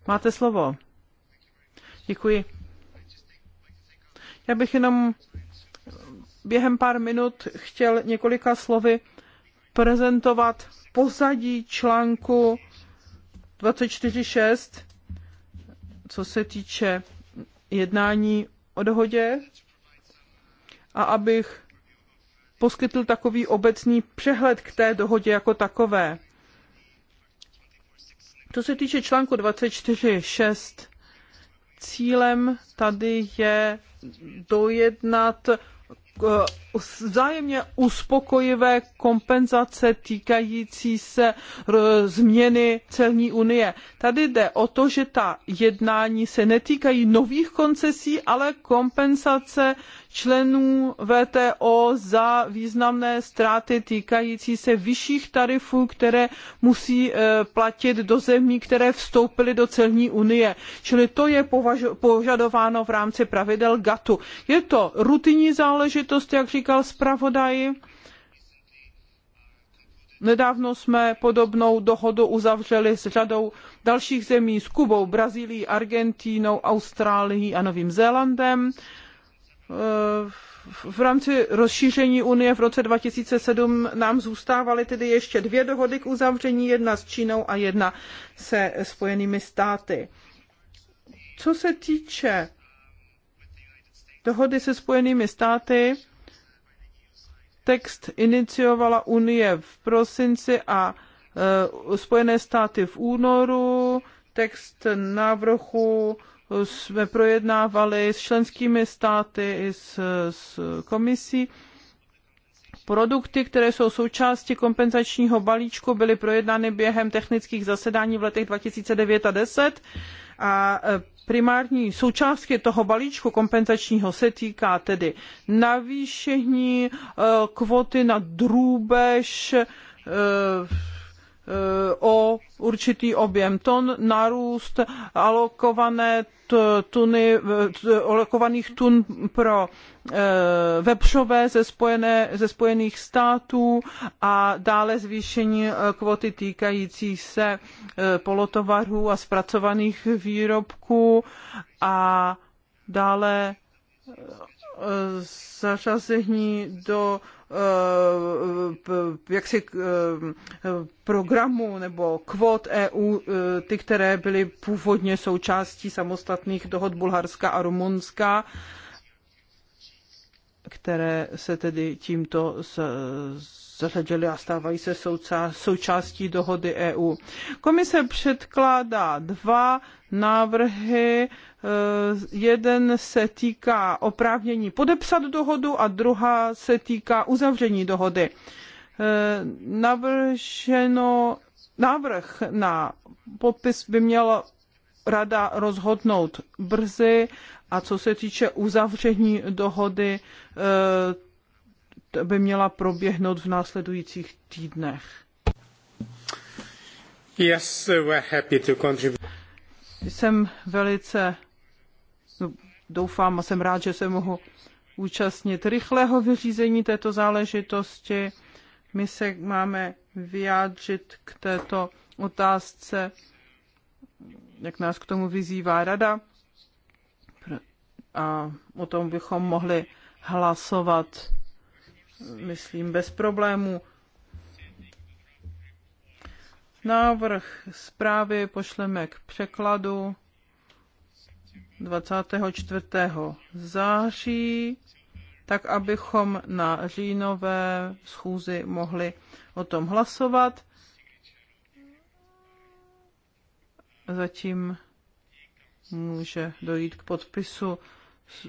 Máte slovo. Děkuji. Já bych jenom během pár minut chtěl několika slovy prezentovat pozadí článku 24.6, co se týče jednání o dohodě a abych poskytl takový obecný přehled k té dohodě jako takové. Co se týče článku 24.6, cílem tady je dojednat eh, vzájemně uspokojivé kompenzace týkající se změny celní unie. Tady jde o to, že ta jednání se netýkají nových koncesí, ale kompenzace členů VTO za významné ztráty týkající se vyšších tarifů, které musí e, platit do zemí, které vstoupily do celní unie. Čili to je považo- požadováno v rámci pravidel GATU. Je to rutinní záležitost, jak říká říkal zpravodaj. Nedávno jsme podobnou dohodu uzavřeli s řadou dalších zemí, s Kubou, Brazílií, Argentínou, Austrálií a Novým Zélandem. Eh, v rámci rozšíření Unie v roce 2007 nám zůstávaly tedy ještě dvě dohody k uzavření, jedna s Čínou a jedna se Spojenými státy. Co se týče dohody se Spojenými státy, Text iniciovala Unie v prosinci a eh, Spojené státy v únoru. Text návrhu jsme projednávali s členskými státy i s, s komisí. Produkty, které jsou součástí kompenzačního balíčku, byly projednány během technických zasedání v letech 2009 a 10 a eh, primární součástky toho balíčku kompenzačního se týká tedy navýšení eh, kvóty na drůbež eh, o určitý objem ton nárůst alokované tuny, alokovaných tun pro e, vepřové ze, spojené, ze Spojených států a dále zvýšení e, kvoty týkající se e, polotovarů a zpracovaných výrobků a dále zařazení do Eh, jaksi eh, programu nebo kvot EU, eh, ty, které byly původně součástí samostatných dohod Bulharska a Rumunska, které se tedy tímto z, z zařadili a stávají se součástí dohody EU. Komise předkládá dva návrhy. Eh, jeden se týká oprávnění podepsat dohodu a druhá se týká uzavření dohody. Eh, navrženo návrh na popis by měla rada rozhodnout brzy a co se týče uzavření dohody, eh, by měla proběhnout v následujících týdnech. Yes, we're happy to contribute. Jsem velice, no, doufám a jsem rád, že se mohu účastnit rychlého vyřízení této záležitosti. My se máme vyjádřit k této otázce, jak nás k tomu vyzývá rada. A o tom bychom mohli hlasovat myslím, bez problému. Návrh zprávy pošleme k překladu 24. září, tak abychom na říjnové schůzi mohli o tom hlasovat. Zatím může dojít k podpisu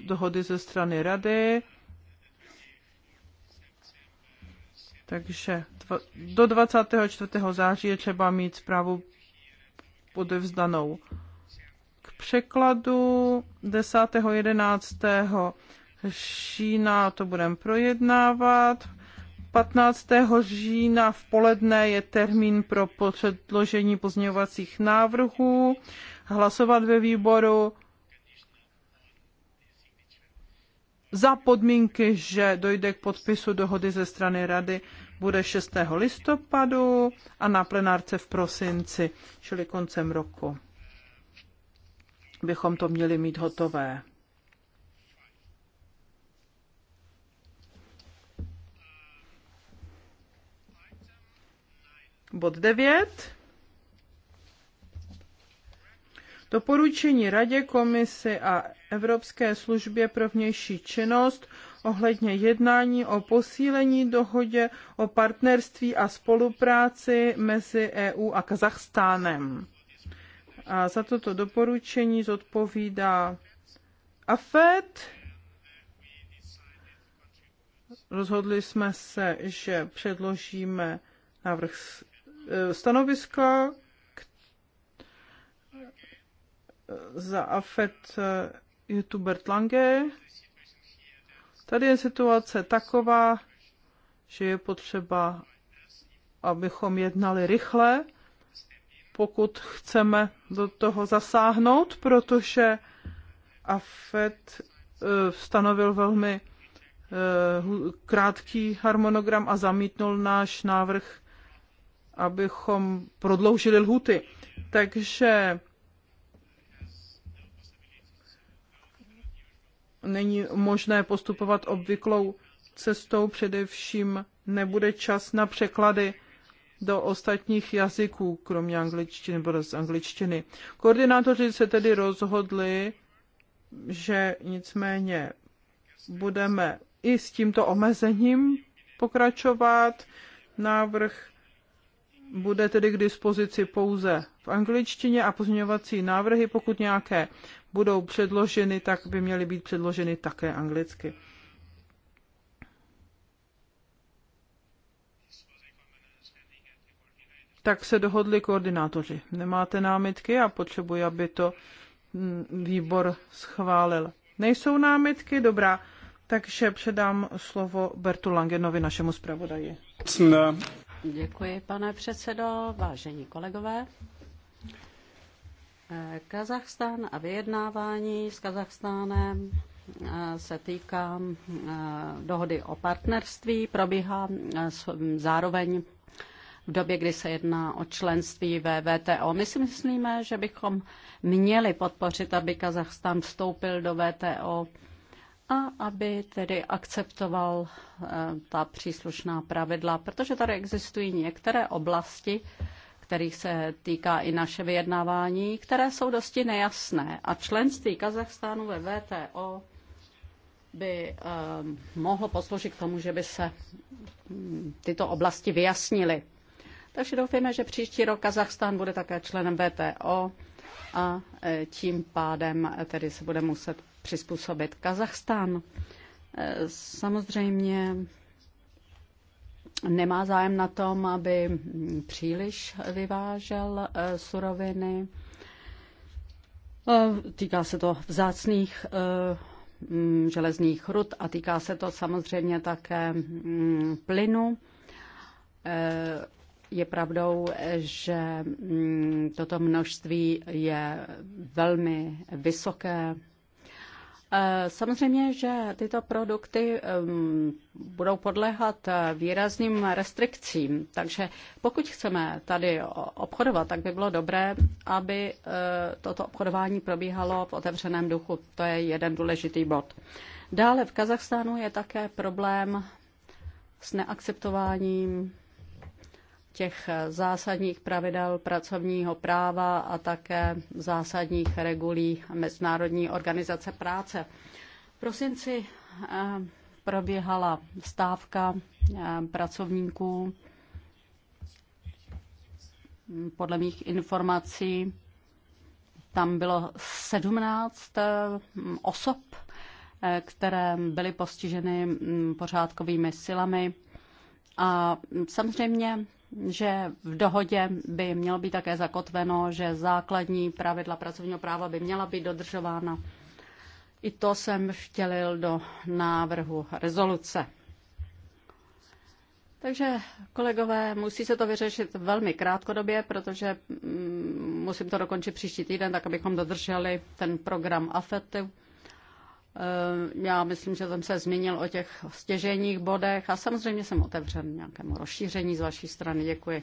dohody ze strany rady. Takže do 24. září je třeba mít zprávu podevzdanou. k překladu 10. 11. října to budeme projednávat. 15. října v poledne je termín pro předložení pozměňovacích návrhů. Hlasovat ve výboru za podmínky, že dojde k podpisu dohody ze strany rady, bude 6. listopadu a na plenárce v prosinci, čili koncem roku. Bychom to měli mít hotové. Bod 9. Doporučení Radě, Komisi a Evropské službě pro vnější činnost ohledně jednání o posílení dohodě o partnerství a spolupráci mezi EU a Kazachstánem. A za toto doporučení zodpovídá AFED. Rozhodli jsme se, že předložíme návrh e, stanoviska za AFET eh, youtuber Tlange. Tady je situace taková, že je potřeba, abychom jednali rychle, pokud chceme do toho zasáhnout, protože AFET eh, stanovil velmi eh, krátký harmonogram a zamítnul náš návrh, abychom prodloužili lhuty. Takže není možné postupovat obvyklou cestou, především nebude čas na překlady do ostatních jazyků, kromě angličtiny nebo z angličtiny. Koordinátoři se tedy rozhodli, že nicméně budeme i s tímto omezením pokračovat. Návrh bude tedy k dispozici pouze v angličtině a pozměňovací návrhy, pokud nějaké budou předloženy, tak by měly být předloženy také anglicky. Tak se dohodli koordinátoři. Nemáte námitky a potřebuji, aby to mm, výbor schválil. Nejsou námitky? Dobrá. Takže předám slovo Bertu Langenovi, našemu zpravodaji. Děkuji, pane předsedo, vážení kolegové. Kazachstán a vyjednávání s Kazachstánem eh, se týká eh, dohody o partnerství, probíhá eh, zároveň v době, kdy se jedná o členství ve VTO. My si myslíme, že bychom měli podpořit, aby Kazachstán vstoupil do VTO a aby tedy akceptoval ta příslušná pravidla, protože tady existují některé oblasti, kterých se týká i naše vyjednávání, které jsou dosti nejasné. A členství Kazachstánu ve VTO by um, mohlo posloužit k tomu, že by se hm, tyto oblasti vyjasnily. Takže doufáme, že příští rok Kazachstán bude také členem VTO a e, tím pádem e, tedy se bude muset přizpůsobit Kazachstán. E, samozřejmě nemá zájem na tom, aby příliš vyvážel eh, suroviny. Eh, týká se to vzácných eh, mm, železných rud a týká se to samozřejmě také mm, plynu. Je pravdou, že mm, toto množství je velmi vysoké Eh, samozřejmě, že tyto produkty ehm, budou podléhat eh, výrazným restrikcím, takže pokud chceme tady obchodovat, tak by bylo dobré, aby eh, toto obchodování probíhalo v otevřeném duchu. To je jeden důležitý bod. Dále v Kazachstánu je také problém s neakceptováním těch zásadních pravidel pracovního práva a také zásadních regulí Mezinárodní organizace práce. V prosinci eh, proběhala stávka eh, pracovníků. Podle mých informací tam bylo 17 eh, osob, které byly postiženy mm, pořádkovými silami. A samozřejmě že v dohodě by mělo být také zakotveno, že základní pravidla pracovního práva by měla být dodržována. I to jsem vtělil do návrhu rezoluce. Takže, kolegové, musí se to vyřešit velmi krátkodobě, protože mm, musím to dokončit příští týden, tak abychom dodrželi ten program AFETu Eh, já myslím, že jsem se zmínil o těch stěženích bodech a samozřejmě jsem otevřen nějakému rozšíření z vaší strany. Děkuji.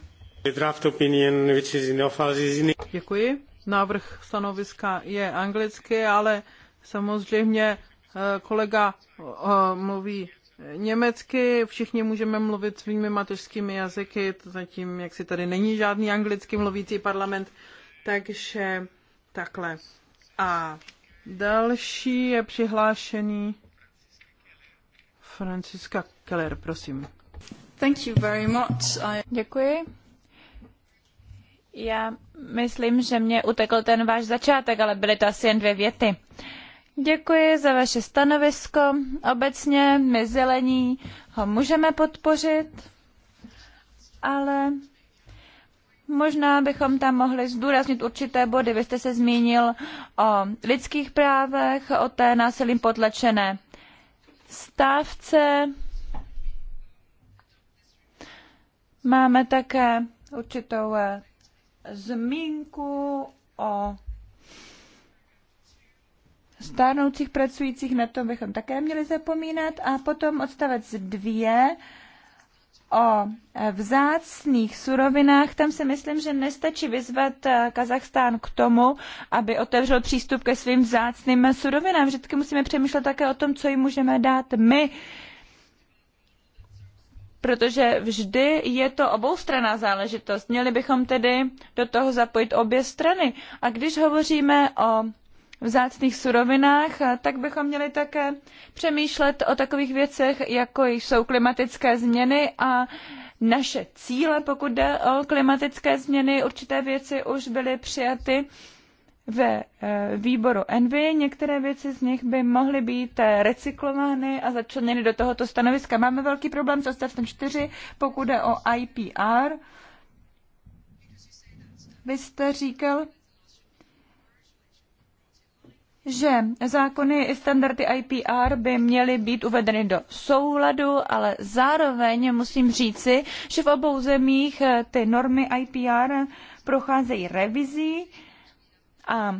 Děkuji. Návrh stanoviska je anglicky, ale samozřejmě eh, kolega eh, mluví německy, všichni můžeme mluvit svými mateřskými jazyky, to zatím, jak si tady není žádný anglicky mluvící parlament, takže takhle. A Další je přihlášený Franciska Keller, prosím. Thank you very much. I... Děkuji. Já myslím, že mě utekl ten váš začátek, ale byly to asi jen dvě věty. Děkuji za vaše stanovisko. Obecně my zelení ho můžeme podpořit, ale Možná bychom tam mohli zdůraznit určité body. Vy jste se zmínil o lidských právech, o té násilím potlačené stávce. Máme také určitou eh, zmínku o stárnoucích pracujících, na to bychom také měli zapomínat. A potom odstavec dvě o vzácných surovinách, tam si myslím, že nestačí vyzvat eh, Kazachstán k tomu, aby otevřel přístup ke svým vzácným surovinám. Vždycky musíme přemýšlet také o tom, co jim můžeme dát my protože vždy je to oboustranná záležitost. Měli bychom tedy do toho zapojit obě strany. A když hovoříme o vzácných surovinách, tak bychom měli také přemýšlet o takových věcech, jako jsou klimatické změny a naše cíle, pokud jde o klimatické změny. Určité věci už byly přijaty ve e, výboru Envy. Některé věci z nich by mohly být e, recyklovány a začleněny do tohoto stanoviska. Máme velký problém s odstavcem 4, pokud jde o IPR. Vy jste říkal, že zákony i standardy IPR by měly být uvedeny do souladu, ale zároveň musím říci, že v obou zemích eh, ty normy IPR procházejí revizí a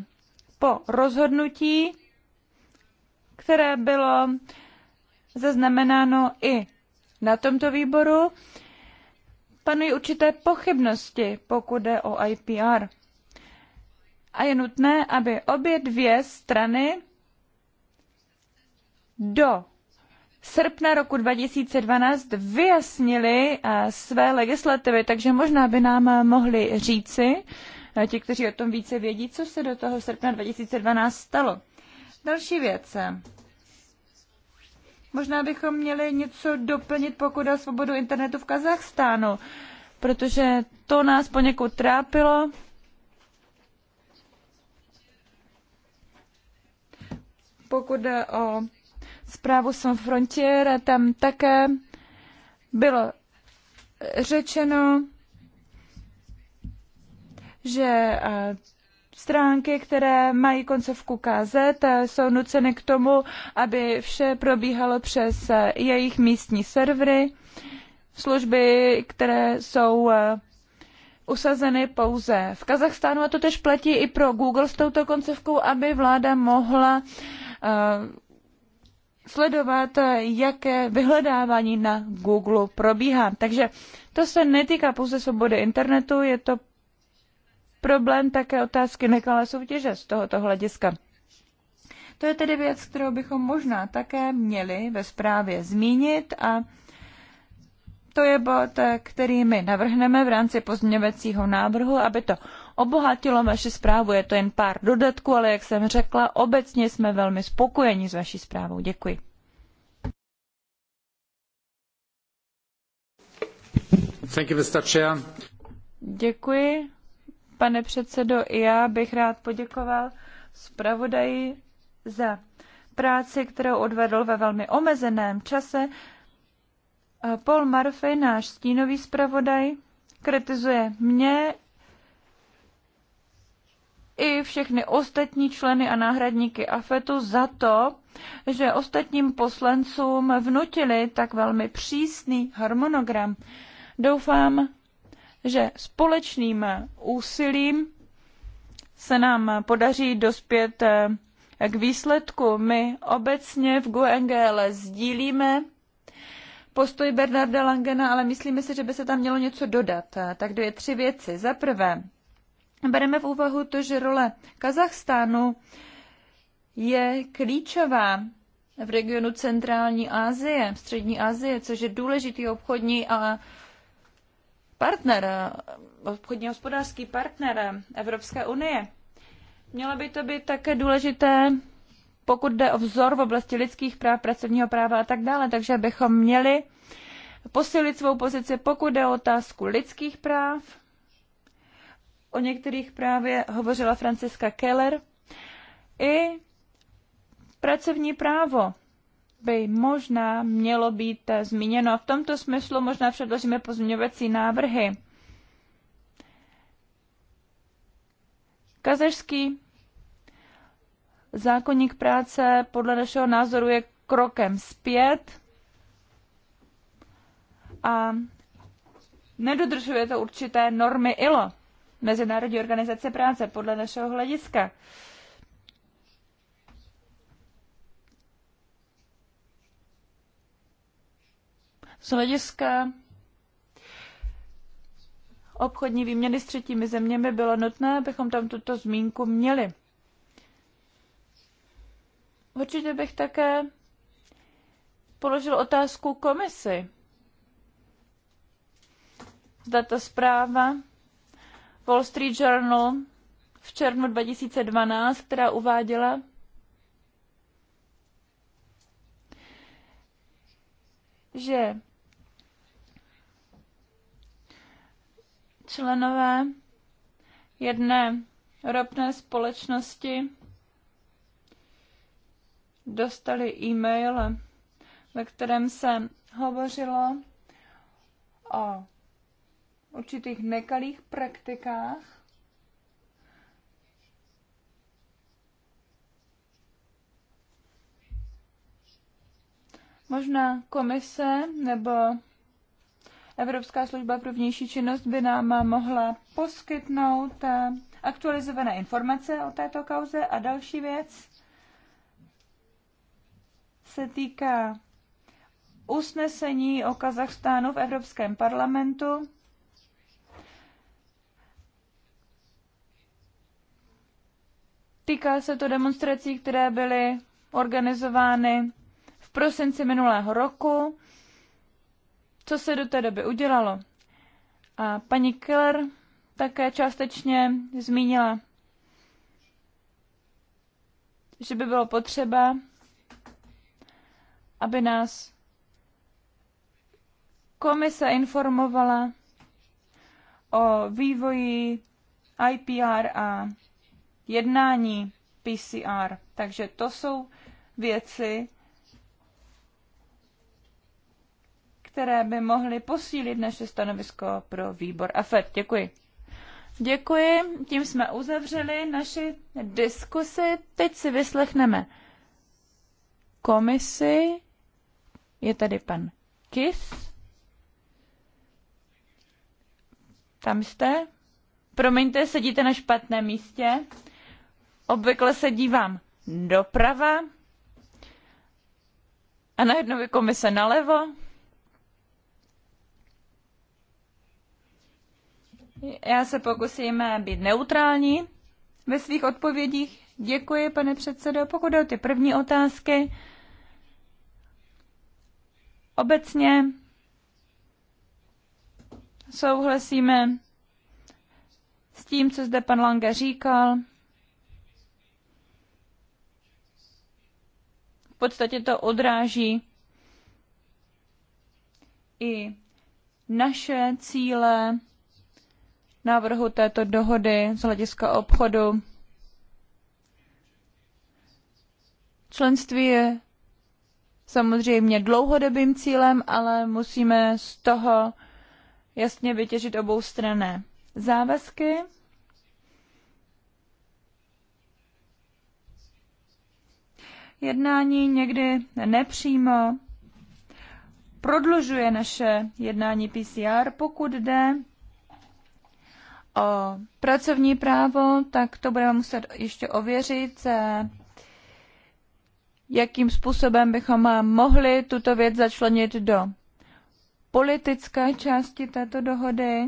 po rozhodnutí, které bylo zaznamenáno i na tomto výboru, panují určité pochybnosti, pokud jde o IPR a je nutné, aby obě dvě strany do srpna roku 2012 vyjasnili eh, své legislativy, takže možná by nám mohli říci, eh, ti, kteří o tom více vědí, co se do toho srpna 2012 stalo. Další věc. Možná bychom měli něco doplnit, pokud o svobodu internetu v Kazachstánu, protože to nás poněkud trápilo. Pokud jde o zprávu Sans Frontier, tam také bylo řečeno, že eh, stránky, které mají koncovku KZ, eh, jsou nuceny k tomu, aby vše probíhalo přes eh, jejich místní servery, služby, které jsou usazeny pouze v Kazachstánu a to tež platí i pro Google s touto koncovkou, aby vláda mohla uh, Eh, sledovat, eh, jaké vyhledávání na Google probíhá. Takže to se netýká pouze svobody internetu, je to problém také otázky nekalé soutěže z tohoto hlediska. To je tedy věc, kterou bychom možná také měli ve zprávě zmínit a to je bod, eh, který my navrhneme v rámci pozměňovacího návrhu, aby to obohatilo vaši zprávu. Je to jen pár dodatků, ale jak jsem řekla, obecně jsme velmi spokojeni s vaší zprávou. Děkuji. Thank you, Mr. Chair. Děkuji. Pane předsedo, i já bych rád poděkoval zpravodaji za práci, kterou odvedl ve velmi omezeném čase. Paul Murphy, náš stínový zpravodaj, kritizuje mě i všechny ostatní členy a náhradníky AFETu za to, že ostatním poslancům vnutili tak velmi přísný harmonogram. Doufám, že společným úsilím se nám podaří dospět eh, k výsledku. My obecně v GUNGL sdílíme postoj Bernarda Langena, ale myslíme si, že by se tam mělo něco dodat. Eh, tak dvě, tři věci. Za prvé, bereme v úvahu to, že role Kazachstánu je klíčová v regionu centrální Asie, střední Asie, což je důležitý obchodní a partner, obchodní hospodářský partner Evropské unie. Mělo by to být také důležité, pokud jde o vzor v oblasti lidských práv, pracovního práva a tak dále, takže bychom měli posilit svou pozici, pokud jde o otázku lidských práv, O některých právě hovořila Franciska Keller. I pracovní právo by možná mělo být zmíněno. V tomto smyslu možná předložíme pozměňovací návrhy. Kazeřský zákonník práce podle našeho názoru je krokem zpět a nedodržuje to určité normy ILO. Mezinárodní organizace práce podle našeho hlediska. Z hlediska obchodní výměny s třetími zeměmi bylo nutné, abychom tam tuto zmínku měli. Určitě bych také položil otázku komisi. Zda ta zpráva Wall Street Journal v červnu 2012, která uváděla, že členové jedné ropné společnosti dostali e-mail, ve kterém se hovořilo o určitých nekalých praktikách. Možná komise nebo Evropská služba pro vnější činnost by nám mohla poskytnout eh, aktualizované informace o této kauze. A další věc se týká usnesení o Kazachstánu v Evropském parlamentu. Týká se to demonstrací, které byly organizovány v prosinci minulého roku. Co se do té doby udělalo? A paní Keller také částečně zmínila, že by bylo potřeba, aby nás komise informovala o vývoji IPR a jednání PCR. Takže to jsou věci, které by mohly posílit naše stanovisko pro výbor AFED. Děkuji. Děkuji, tím jsme uzavřeli naši diskusi. Teď si vyslechneme komisi. Je tady pan Kis. Tam jste? Promiňte, sedíte na špatném místě obvykle se dívám doprava a najednou je komise nalevo. Já se pokusím být neutrální ve svých odpovědích. Děkuji, pane předsedo. Pokud jde o ty první otázky, obecně souhlasíme s tím, co zde pan Lange říkal. V podstatě to odráží i naše cíle návrhu této dohody z hlediska obchodu. Členství je samozřejmě dlouhodobým cílem, ale musíme z toho jasně vytěžit obou strané závazky jednání někdy nepřímo prodlužuje naše jednání PCR. Pokud jde o pracovní právo, tak to budeme muset ještě ověřit, eh, jakým způsobem bychom mohli tuto věc začlenit do politické části této dohody.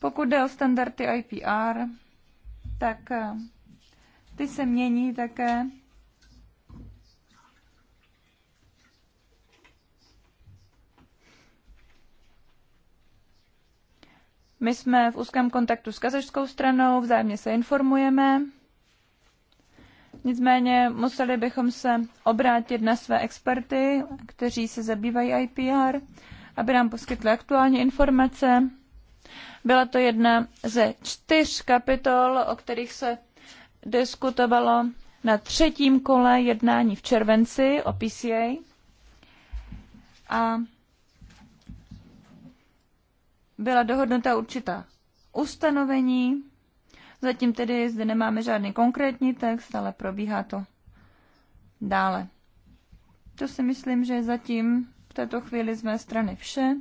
Pokud jde o standardy IPR, tak eh, ty se mění také My jsme v úzkém kontaktu s kazašskou stranou, vzájemně se informujeme. Nicméně museli bychom se obrátit na své experty, kteří se zabývají IPR, aby nám poskytli aktuální informace. Byla to jedna ze čtyř kapitol, o kterých se diskutovalo na třetím kole jednání v červenci o PCA. A byla dohodnuta určitá ustanovení. Zatím tedy zde nemáme žádný konkrétní text, ale probíhá to dále. To si myslím, že je zatím v této chvíli z mé strany vše.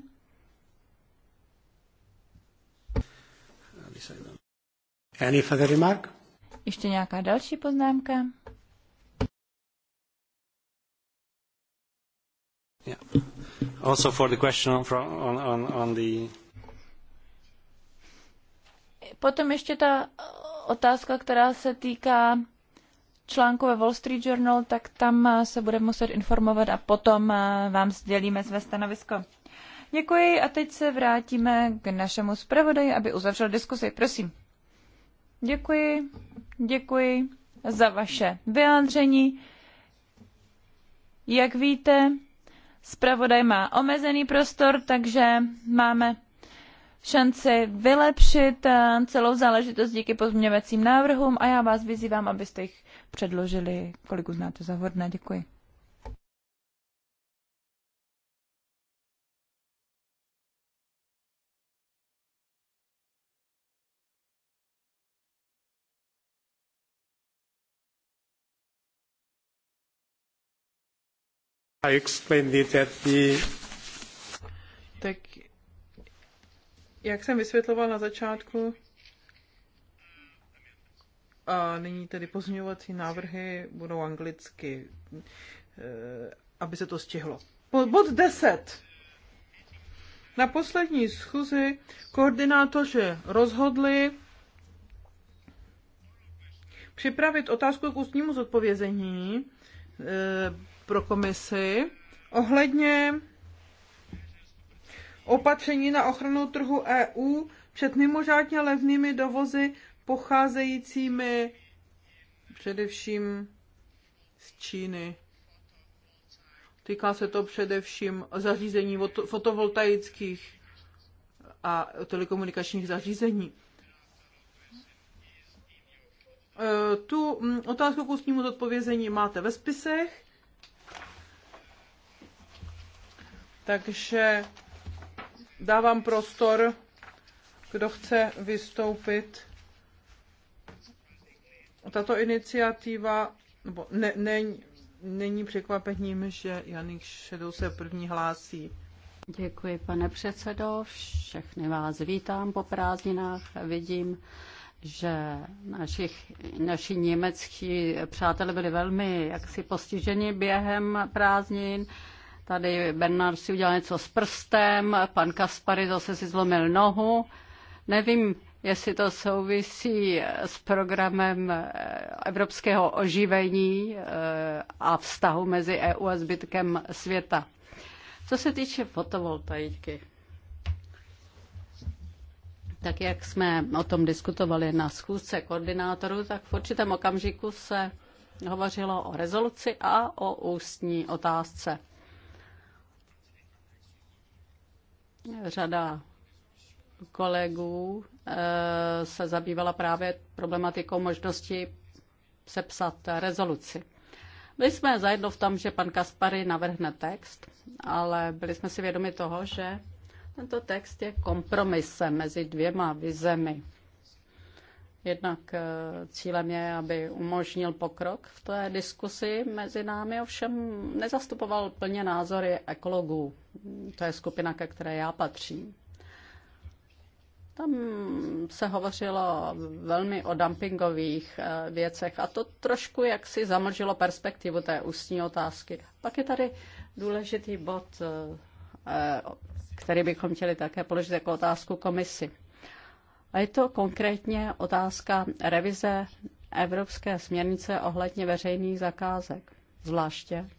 Any further remark? Ještě nějaká další poznámka? Yeah. Also for the question on, on, on the Potom ještě ta otázka, která se týká článku ve Wall Street Journal, tak tam eh, se budeme muset informovat a potom eh, vám sdělíme své stanovisko. Děkuji a teď se vrátíme k našemu zpravodaji, aby uzavřel diskusi. Prosím. Děkuji, děkuji za vaše vyjádření. Jak víte, zpravodaj má omezený prostor, takže máme šanci vylepšit eh, celou záležitost díky pozměňovacím návrhům a já vás vyzývám, abyste jich předložili, kolik uznáte za hodné. Děkuji. I explained it at the... Tak jak jsem vysvětloval na začátku, a nyní tedy pozměňovací návrhy budou anglicky, eh, aby se to stihlo. Bod 10. Na poslední schůzi koordinátoři rozhodli připravit otázku k ústnímu zodpovězení eh, pro komisi ohledně opatření na ochranu trhu EU před mimořádně levnými dovozy pocházejícími především z Číny. Týká se to především zařízení fotovoltaických a telekomunikačních zařízení. E, tu mm, otázku k ústnímu zodpovězení máte ve spisech. Takže Dávám prostor, kdo chce vystoupit. Tato iniciativa nebo ne, ne, není překvapením, že Janik Šedou se první hlásí. Děkuji, pane předsedo. Všechny vás vítám po prázdninách. Vidím, že našich, naši němečtí přátelé byli velmi jaksi postiženi během prázdnin. Tady Bernard si udělal něco s prstem, pan Kaspary zase si zlomil nohu. Nevím, jestli to souvisí s programem eh, evropského oživení eh, a vztahu mezi EU a zbytkem světa. Co se týče fotovoltaiky, tak jak jsme o tom diskutovali na schůzce koordinátorů, tak v určitém okamžiku se hovořilo o rezoluci a o ústní otázce. Řada kolegů eh, se zabývala právě problematikou možnosti sepsat rezoluci. Byli jsme zajedno v tom, že pan Kaspary navrhne text, ale byli jsme si vědomi toho, že tento text je kompromisem mezi dvěma vizemi Jednak eh, cílem je, aby umožnil pokrok v té diskusi mezi námi, ovšem nezastupoval plně názory ekologů. To je skupina, ke které já patřím. Tam se hovořilo velmi o dumpingových eh, věcech a to trošku jaksi zamlžilo perspektivu té ústní otázky. Pak je tady důležitý bod, eh, který bychom chtěli také položit jako otázku komisi. A je to konkrétně otázka revize Evropské směrnice ohledně veřejných zakázek. Zvláště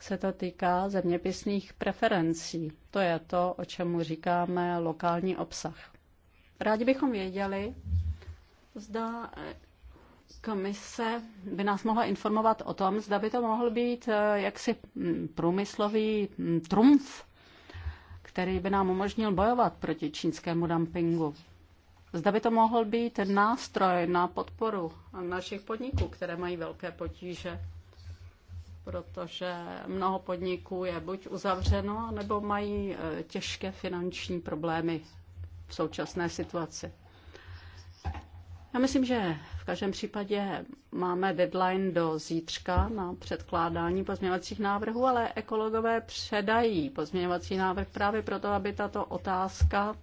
se to týká zeměpisných preferencí. To je to, o čemu říkáme lokální obsah. Rádi bychom věděli, zda komise by nás mohla informovat o tom, zda by to mohl být eh, jaksi mm, průmyslový mm, trumf který by nám umožnil bojovat proti čínskému dumpingu. Zda by to mohl být nástroj na podporu našich podniků, které mají velké potíže, protože mnoho podniků je buď uzavřeno, nebo mají eh, těžké finanční problémy v současné situaci. Já myslím, že v každém případě máme deadline do zítřka na předkládání pozměňovacích návrhů, ale ekologové předají pozměňovací návrh právě proto, aby tato otázka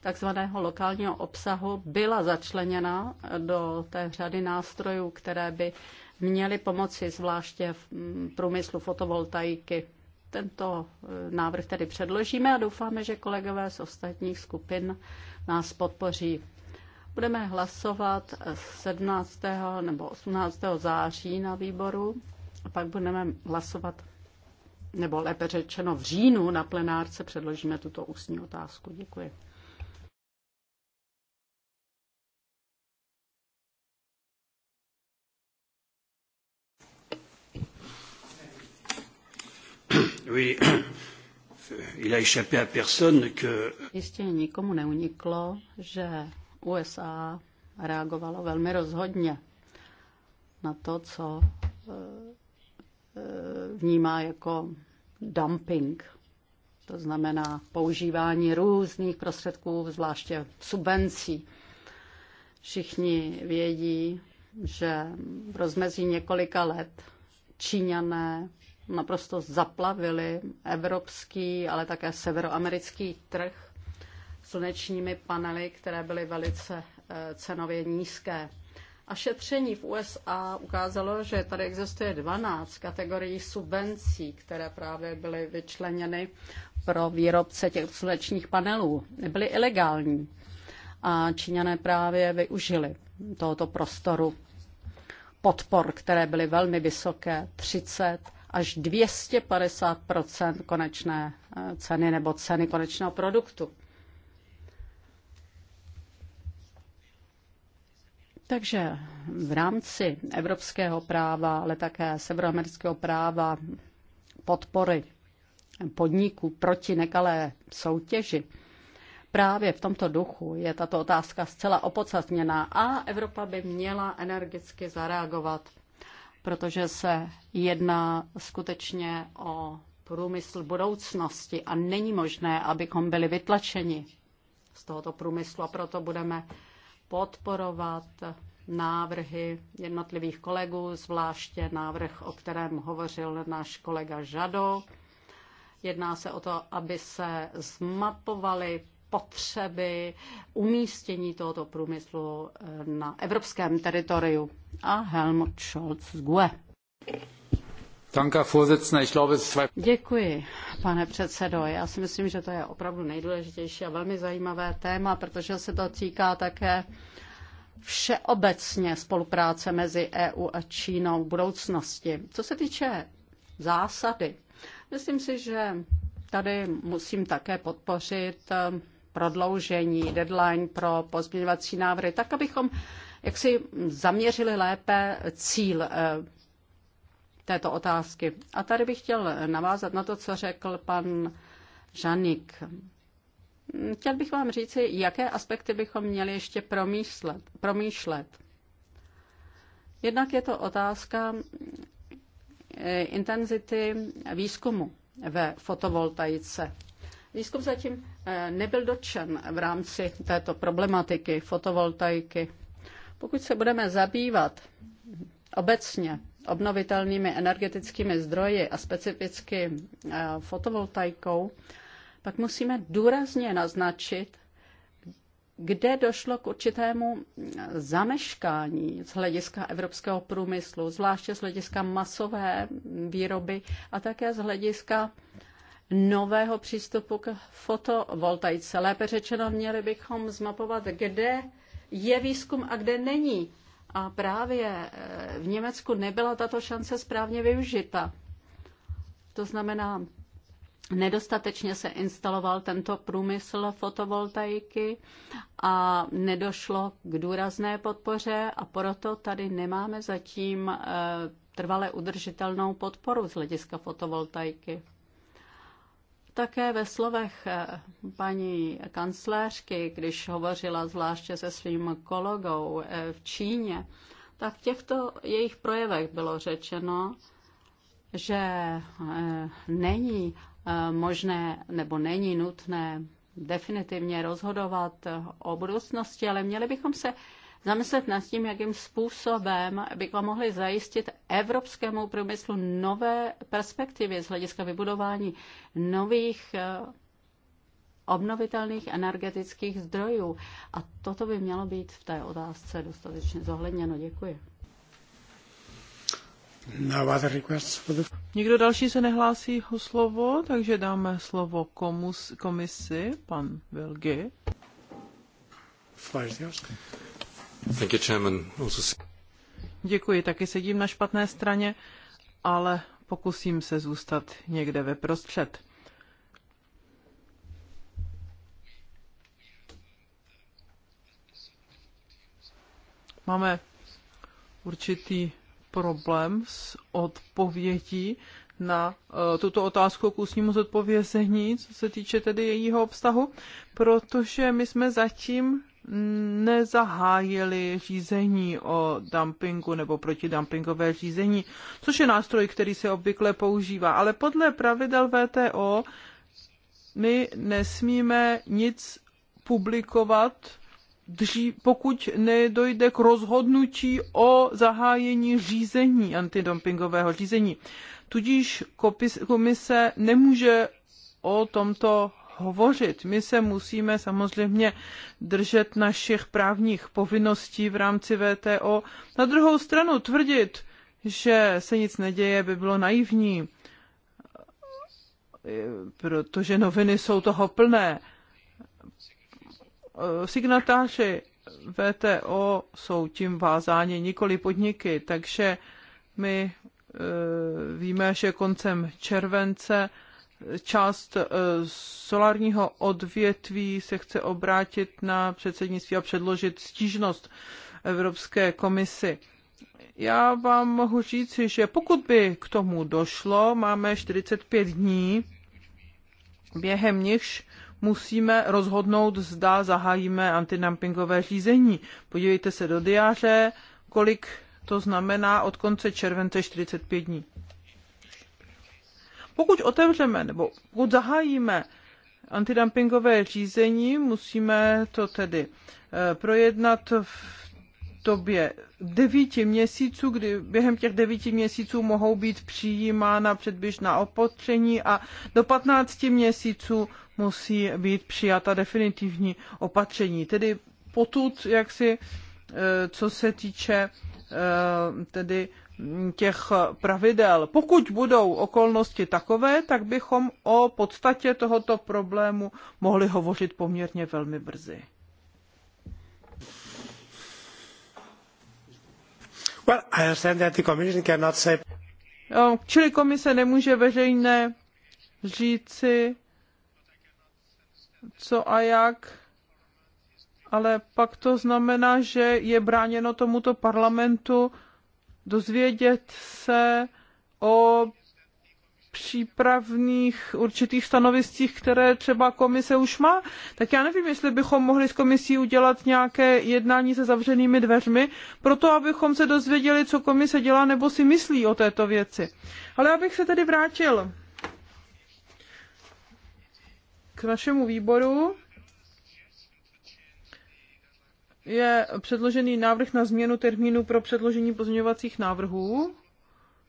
takzvaného lokálního obsahu byla začleněna do té řady nástrojů, které by měly pomoci zvláště v mm, průmyslu fotovoltaiky. Tento eh, návrh tedy předložíme a doufáme, že kolegové z ostatních skupin nás podpoří. Budeme hlasovat 17. nebo 18. září na výboru a pak budeme hlasovat, nebo lépe řečeno v říjnu na plenárce předložíme tuto ústní otázku. Děkuji. Oui. Il a échappé à personne que... Jistě nikomu neuniklo, že USA reagovalo velmi rozhodně na to, co eh, eh, vnímá jako dumping. To znamená používání různých prostředků, zvláště subvencí. Všichni vědí, že v rozmezí několika let Číňané naprosto zaplavili evropský, ale také severoamerický trh slunečními panely, které byly velice eh, cenově nízké. A šetření v USA ukázalo, že tady existuje 12 kategorií subvencí, které právě byly vyčleněny pro výrobce těch slunečních panelů. Byly ilegální a Číňané právě využili tohoto prostoru podpor, které byly velmi vysoké, 30 až 250 konečné eh, ceny nebo ceny konečného produktu. Takže v rámci evropského práva, ale také severoamerického práva podpory podniků proti nekalé soutěži, právě v tomto duchu je tato otázka zcela opodstatněná a Evropa by měla energicky zareagovat, protože se jedná skutečně o průmysl budoucnosti a není možné, abychom byli vytlačeni z tohoto průmyslu a proto budeme podporovat návrhy jednotlivých kolegů, zvláště návrh, o kterém hovořil náš kolega Žado. Jedná se o to, aby se zmapovaly potřeby umístění tohoto průmyslu eh, na evropském teritoriu. A Helmut Scholz z GUE. Děkuji, pane předsedo. Já si myslím, že to je opravdu nejdůležitější a velmi zajímavé téma, protože se to týká také všeobecně spolupráce mezi EU a Čínou v budoucnosti. Co se týče zásady, myslím si, že tady musím také podpořit eh, prodloužení deadline pro pozměňovací návrhy, tak abychom jak si zaměřili lépe cíl eh, této otázky. A tady bych chtěl navázat na to, co řekl pan Žanik. Chtěl bych vám říci, jaké aspekty bychom měli ještě promýšlet. promýšlet. Jednak je to otázka eh, intenzity výzkumu ve fotovoltaice. Výzkum zatím eh, nebyl dotčen v rámci této problematiky fotovoltaiky. Pokud se budeme zabývat obecně obnovitelnými energetickými zdroji a specificky eh, fotovoltaikou, pak musíme důrazně naznačit, kde došlo k určitému eh, zameškání z hlediska evropského průmyslu, zvláště z hlediska masové výroby a také z hlediska nového přístupu k fotovoltaice. Lépe řečeno, měli bychom zmapovat, kde je výzkum a kde není a právě e, v Německu nebyla tato šance správně využita. To znamená, nedostatečně se instaloval tento průmysl fotovoltaiky a nedošlo k důrazné podpoře a proto tady nemáme zatím e, trvale udržitelnou podporu z hlediska fotovoltaiky také ve slovech eh, paní kancléřky, když hovořila zvláště se svým kolegou eh, v Číně, tak v těchto jejich projevech bylo řečeno, že eh, není možné nebo není nutné definitivně rozhodovat o budoucnosti, ale měli bychom se zamyslet nad tím, jakým způsobem bychom mohli zajistit evropskému průmyslu nové perspektivy z hlediska vybudování nových eh, obnovitelných energetických zdrojů. A toto by mělo být v té otázce dostatečně zohledněno. Děkuji. No, Nikdo další se nehlásí o slovo, takže dáme slovo komus, komisi, pan Vilgi. Děkuji, taky sedím na špatné straně, ale pokusím se zůstat někde ve prostřed. Máme určitý problém s odpovědí na eh, tuto otázku k ústnímu zodpovězení, co se týče tedy jejího obsahu, protože my jsme zatím nezahájili řízení o dumpingu nebo protidumpingové řízení, což je nástroj, který se obvykle používá. Ale podle pravidel VTO my nesmíme nic publikovat, dřív, pokud nedojde k rozhodnutí o zahájení řízení, antidumpingového řízení. Tudíž komise nemůže o tomto hovořit. My se musíme samozřejmě držet našich právních povinností v rámci VTO. Na druhou stranu tvrdit, že se nic neděje, by bylo naivní, protože noviny jsou toho plné. Signatáři VTO jsou tím vázáni nikoli podniky, takže my eh, víme, že koncem července část eh, solárního odvětví se chce obrátit na předsednictví a předložit stížnost Evropské komisi. Já vám mohu říci, že pokud by k tomu došlo, máme 45 dní, během nichž musíme rozhodnout, zda zahájíme antidumpingové řízení. Podívejte se do diáře, kolik to znamená od konce července 45 dní. Pokud otevřeme nebo pokud zahájíme antidumpingové řízení, musíme to tedy eh, projednat v době devíti měsíců, kdy během těch devíti měsíců mohou být přijímána předběžná opatření a do 15 měsíců musí být přijata definitivní opatření. Tedy potud, jak si, eh, co se týče eh, tedy těch pravidel. Pokud budou okolnosti takové, tak bychom o podstatě tohoto problému mohli hovořit poměrně velmi brzy. Well, I understand that the commission cannot say... Čili komise nemůže veřejně říci, co a jak, ale pak to znamená, že je bráněno tomuto parlamentu dozvědět se o přípravných určitých stanoviscích, které třeba komise už má, tak já nevím, jestli bychom mohli s komisí udělat nějaké jednání se zavřenými dveřmi, proto abychom se dozvěděli, co komise dělá nebo si myslí o této věci. Ale abych se tedy vrátil k našemu výboru je předložený návrh na změnu termínu pro předložení pozměňovacích návrhů.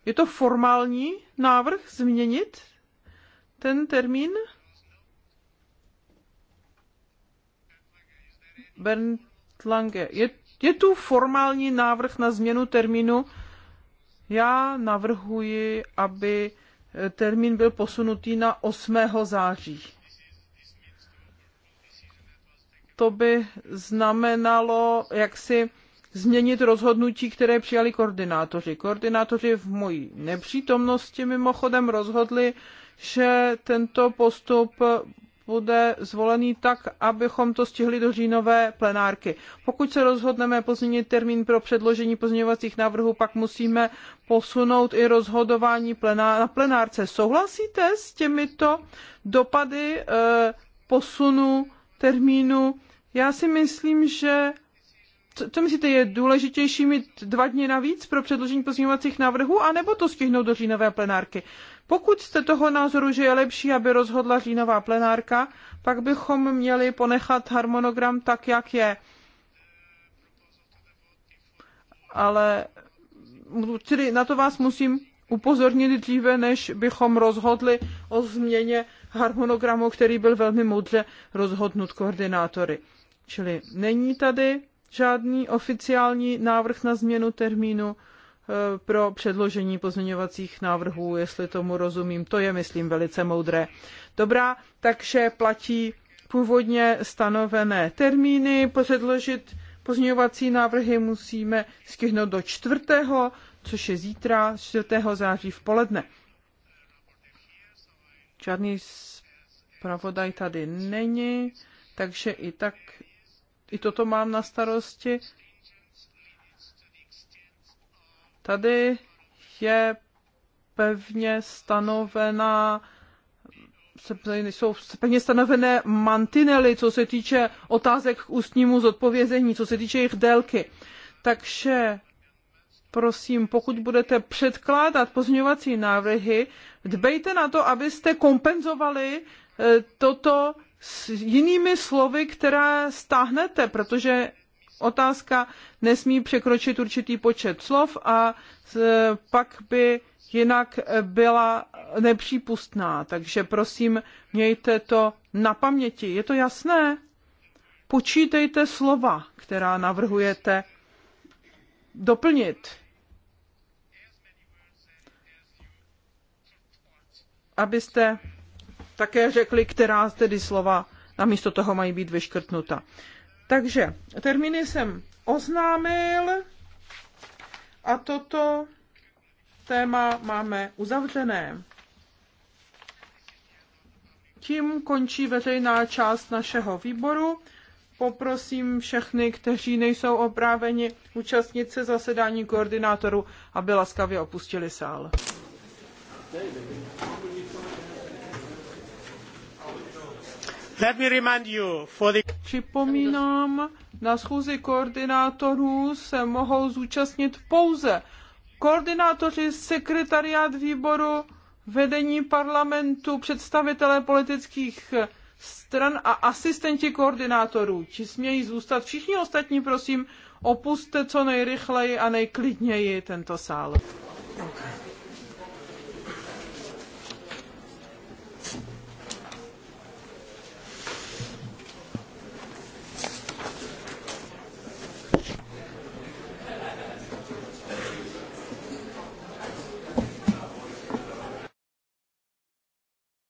Je to formální návrh změnit ten termín? Bernd Lange, je, je tu formální návrh na změnu termínu? Já navrhuji, aby termín byl posunutý na 8. září to by znamenalo jaksi změnit rozhodnutí, které přijali koordinátoři. Koordinátoři v mojí nepřítomnosti mimochodem rozhodli, že tento postup bude zvolený tak, abychom to stihli do říjnové plenárky. Pokud se rozhodneme pozměnit termín pro předložení pozměňovacích návrhů, pak musíme posunout i rozhodování plená- na plenárce. Souhlasíte s těmito dopady e, posunu termínu já si myslím, že co, co myslíte, je důležitější mít dva dny navíc pro předložení pozměňovacích návrhů, anebo to stihnout do říjnové plenárky? Pokud jste toho názoru, že je lepší, aby rozhodla říjnová plenárka, pak bychom měli ponechat harmonogram tak, jak je. Ale tedy na to vás musím upozornit dříve, než bychom rozhodli o změně harmonogramu, který byl velmi moudře rozhodnut koordinátory. Čili není tady žádný oficiální návrh na změnu termínu eh, pro předložení pozměňovacích návrhů, jestli tomu rozumím. To je, myslím, velice moudré. Dobrá, takže platí původně stanovené termíny. Předložit pozměňovací návrhy musíme stihnout do čtvrtého, což je zítra, 4. září v poledne. Žádný zpravodaj tady není, takže i tak i toto mám na starosti. Tady je pevně stanovená jsou pevně stanovené mantinely, co se týče otázek k ústnímu zodpovězení, co se týče jejich délky. Takže prosím, pokud budete předkládat pozměňovací návrhy, dbejte na to, abyste kompenzovali eh, toto s jinými slovy, která stáhnete, protože otázka nesmí překročit určitý počet slov a e, pak by jinak byla nepřípustná. Takže prosím, mějte to na paměti. Je to jasné? Počítejte slova, která navrhujete doplnit. Abyste také řekli, která tedy slova namísto toho mají být vyškrtnuta. Takže termíny jsem oznámil a toto téma máme uzavřené. Tím končí veřejná část našeho výboru. Poprosím všechny, kteří nejsou opráveni účastnit se zasedání koordinátorů, aby laskavě opustili sál. Připomínám, na schůzi koordinátorů se mohou zúčastnit pouze koordinátoři, sekretariát výboru, vedení parlamentu, představitelé politických stran a asistenti koordinátorů. Ti smějí zůstat. Všichni ostatní, prosím, opuste co nejrychleji a nejklidněji tento sál. Okay.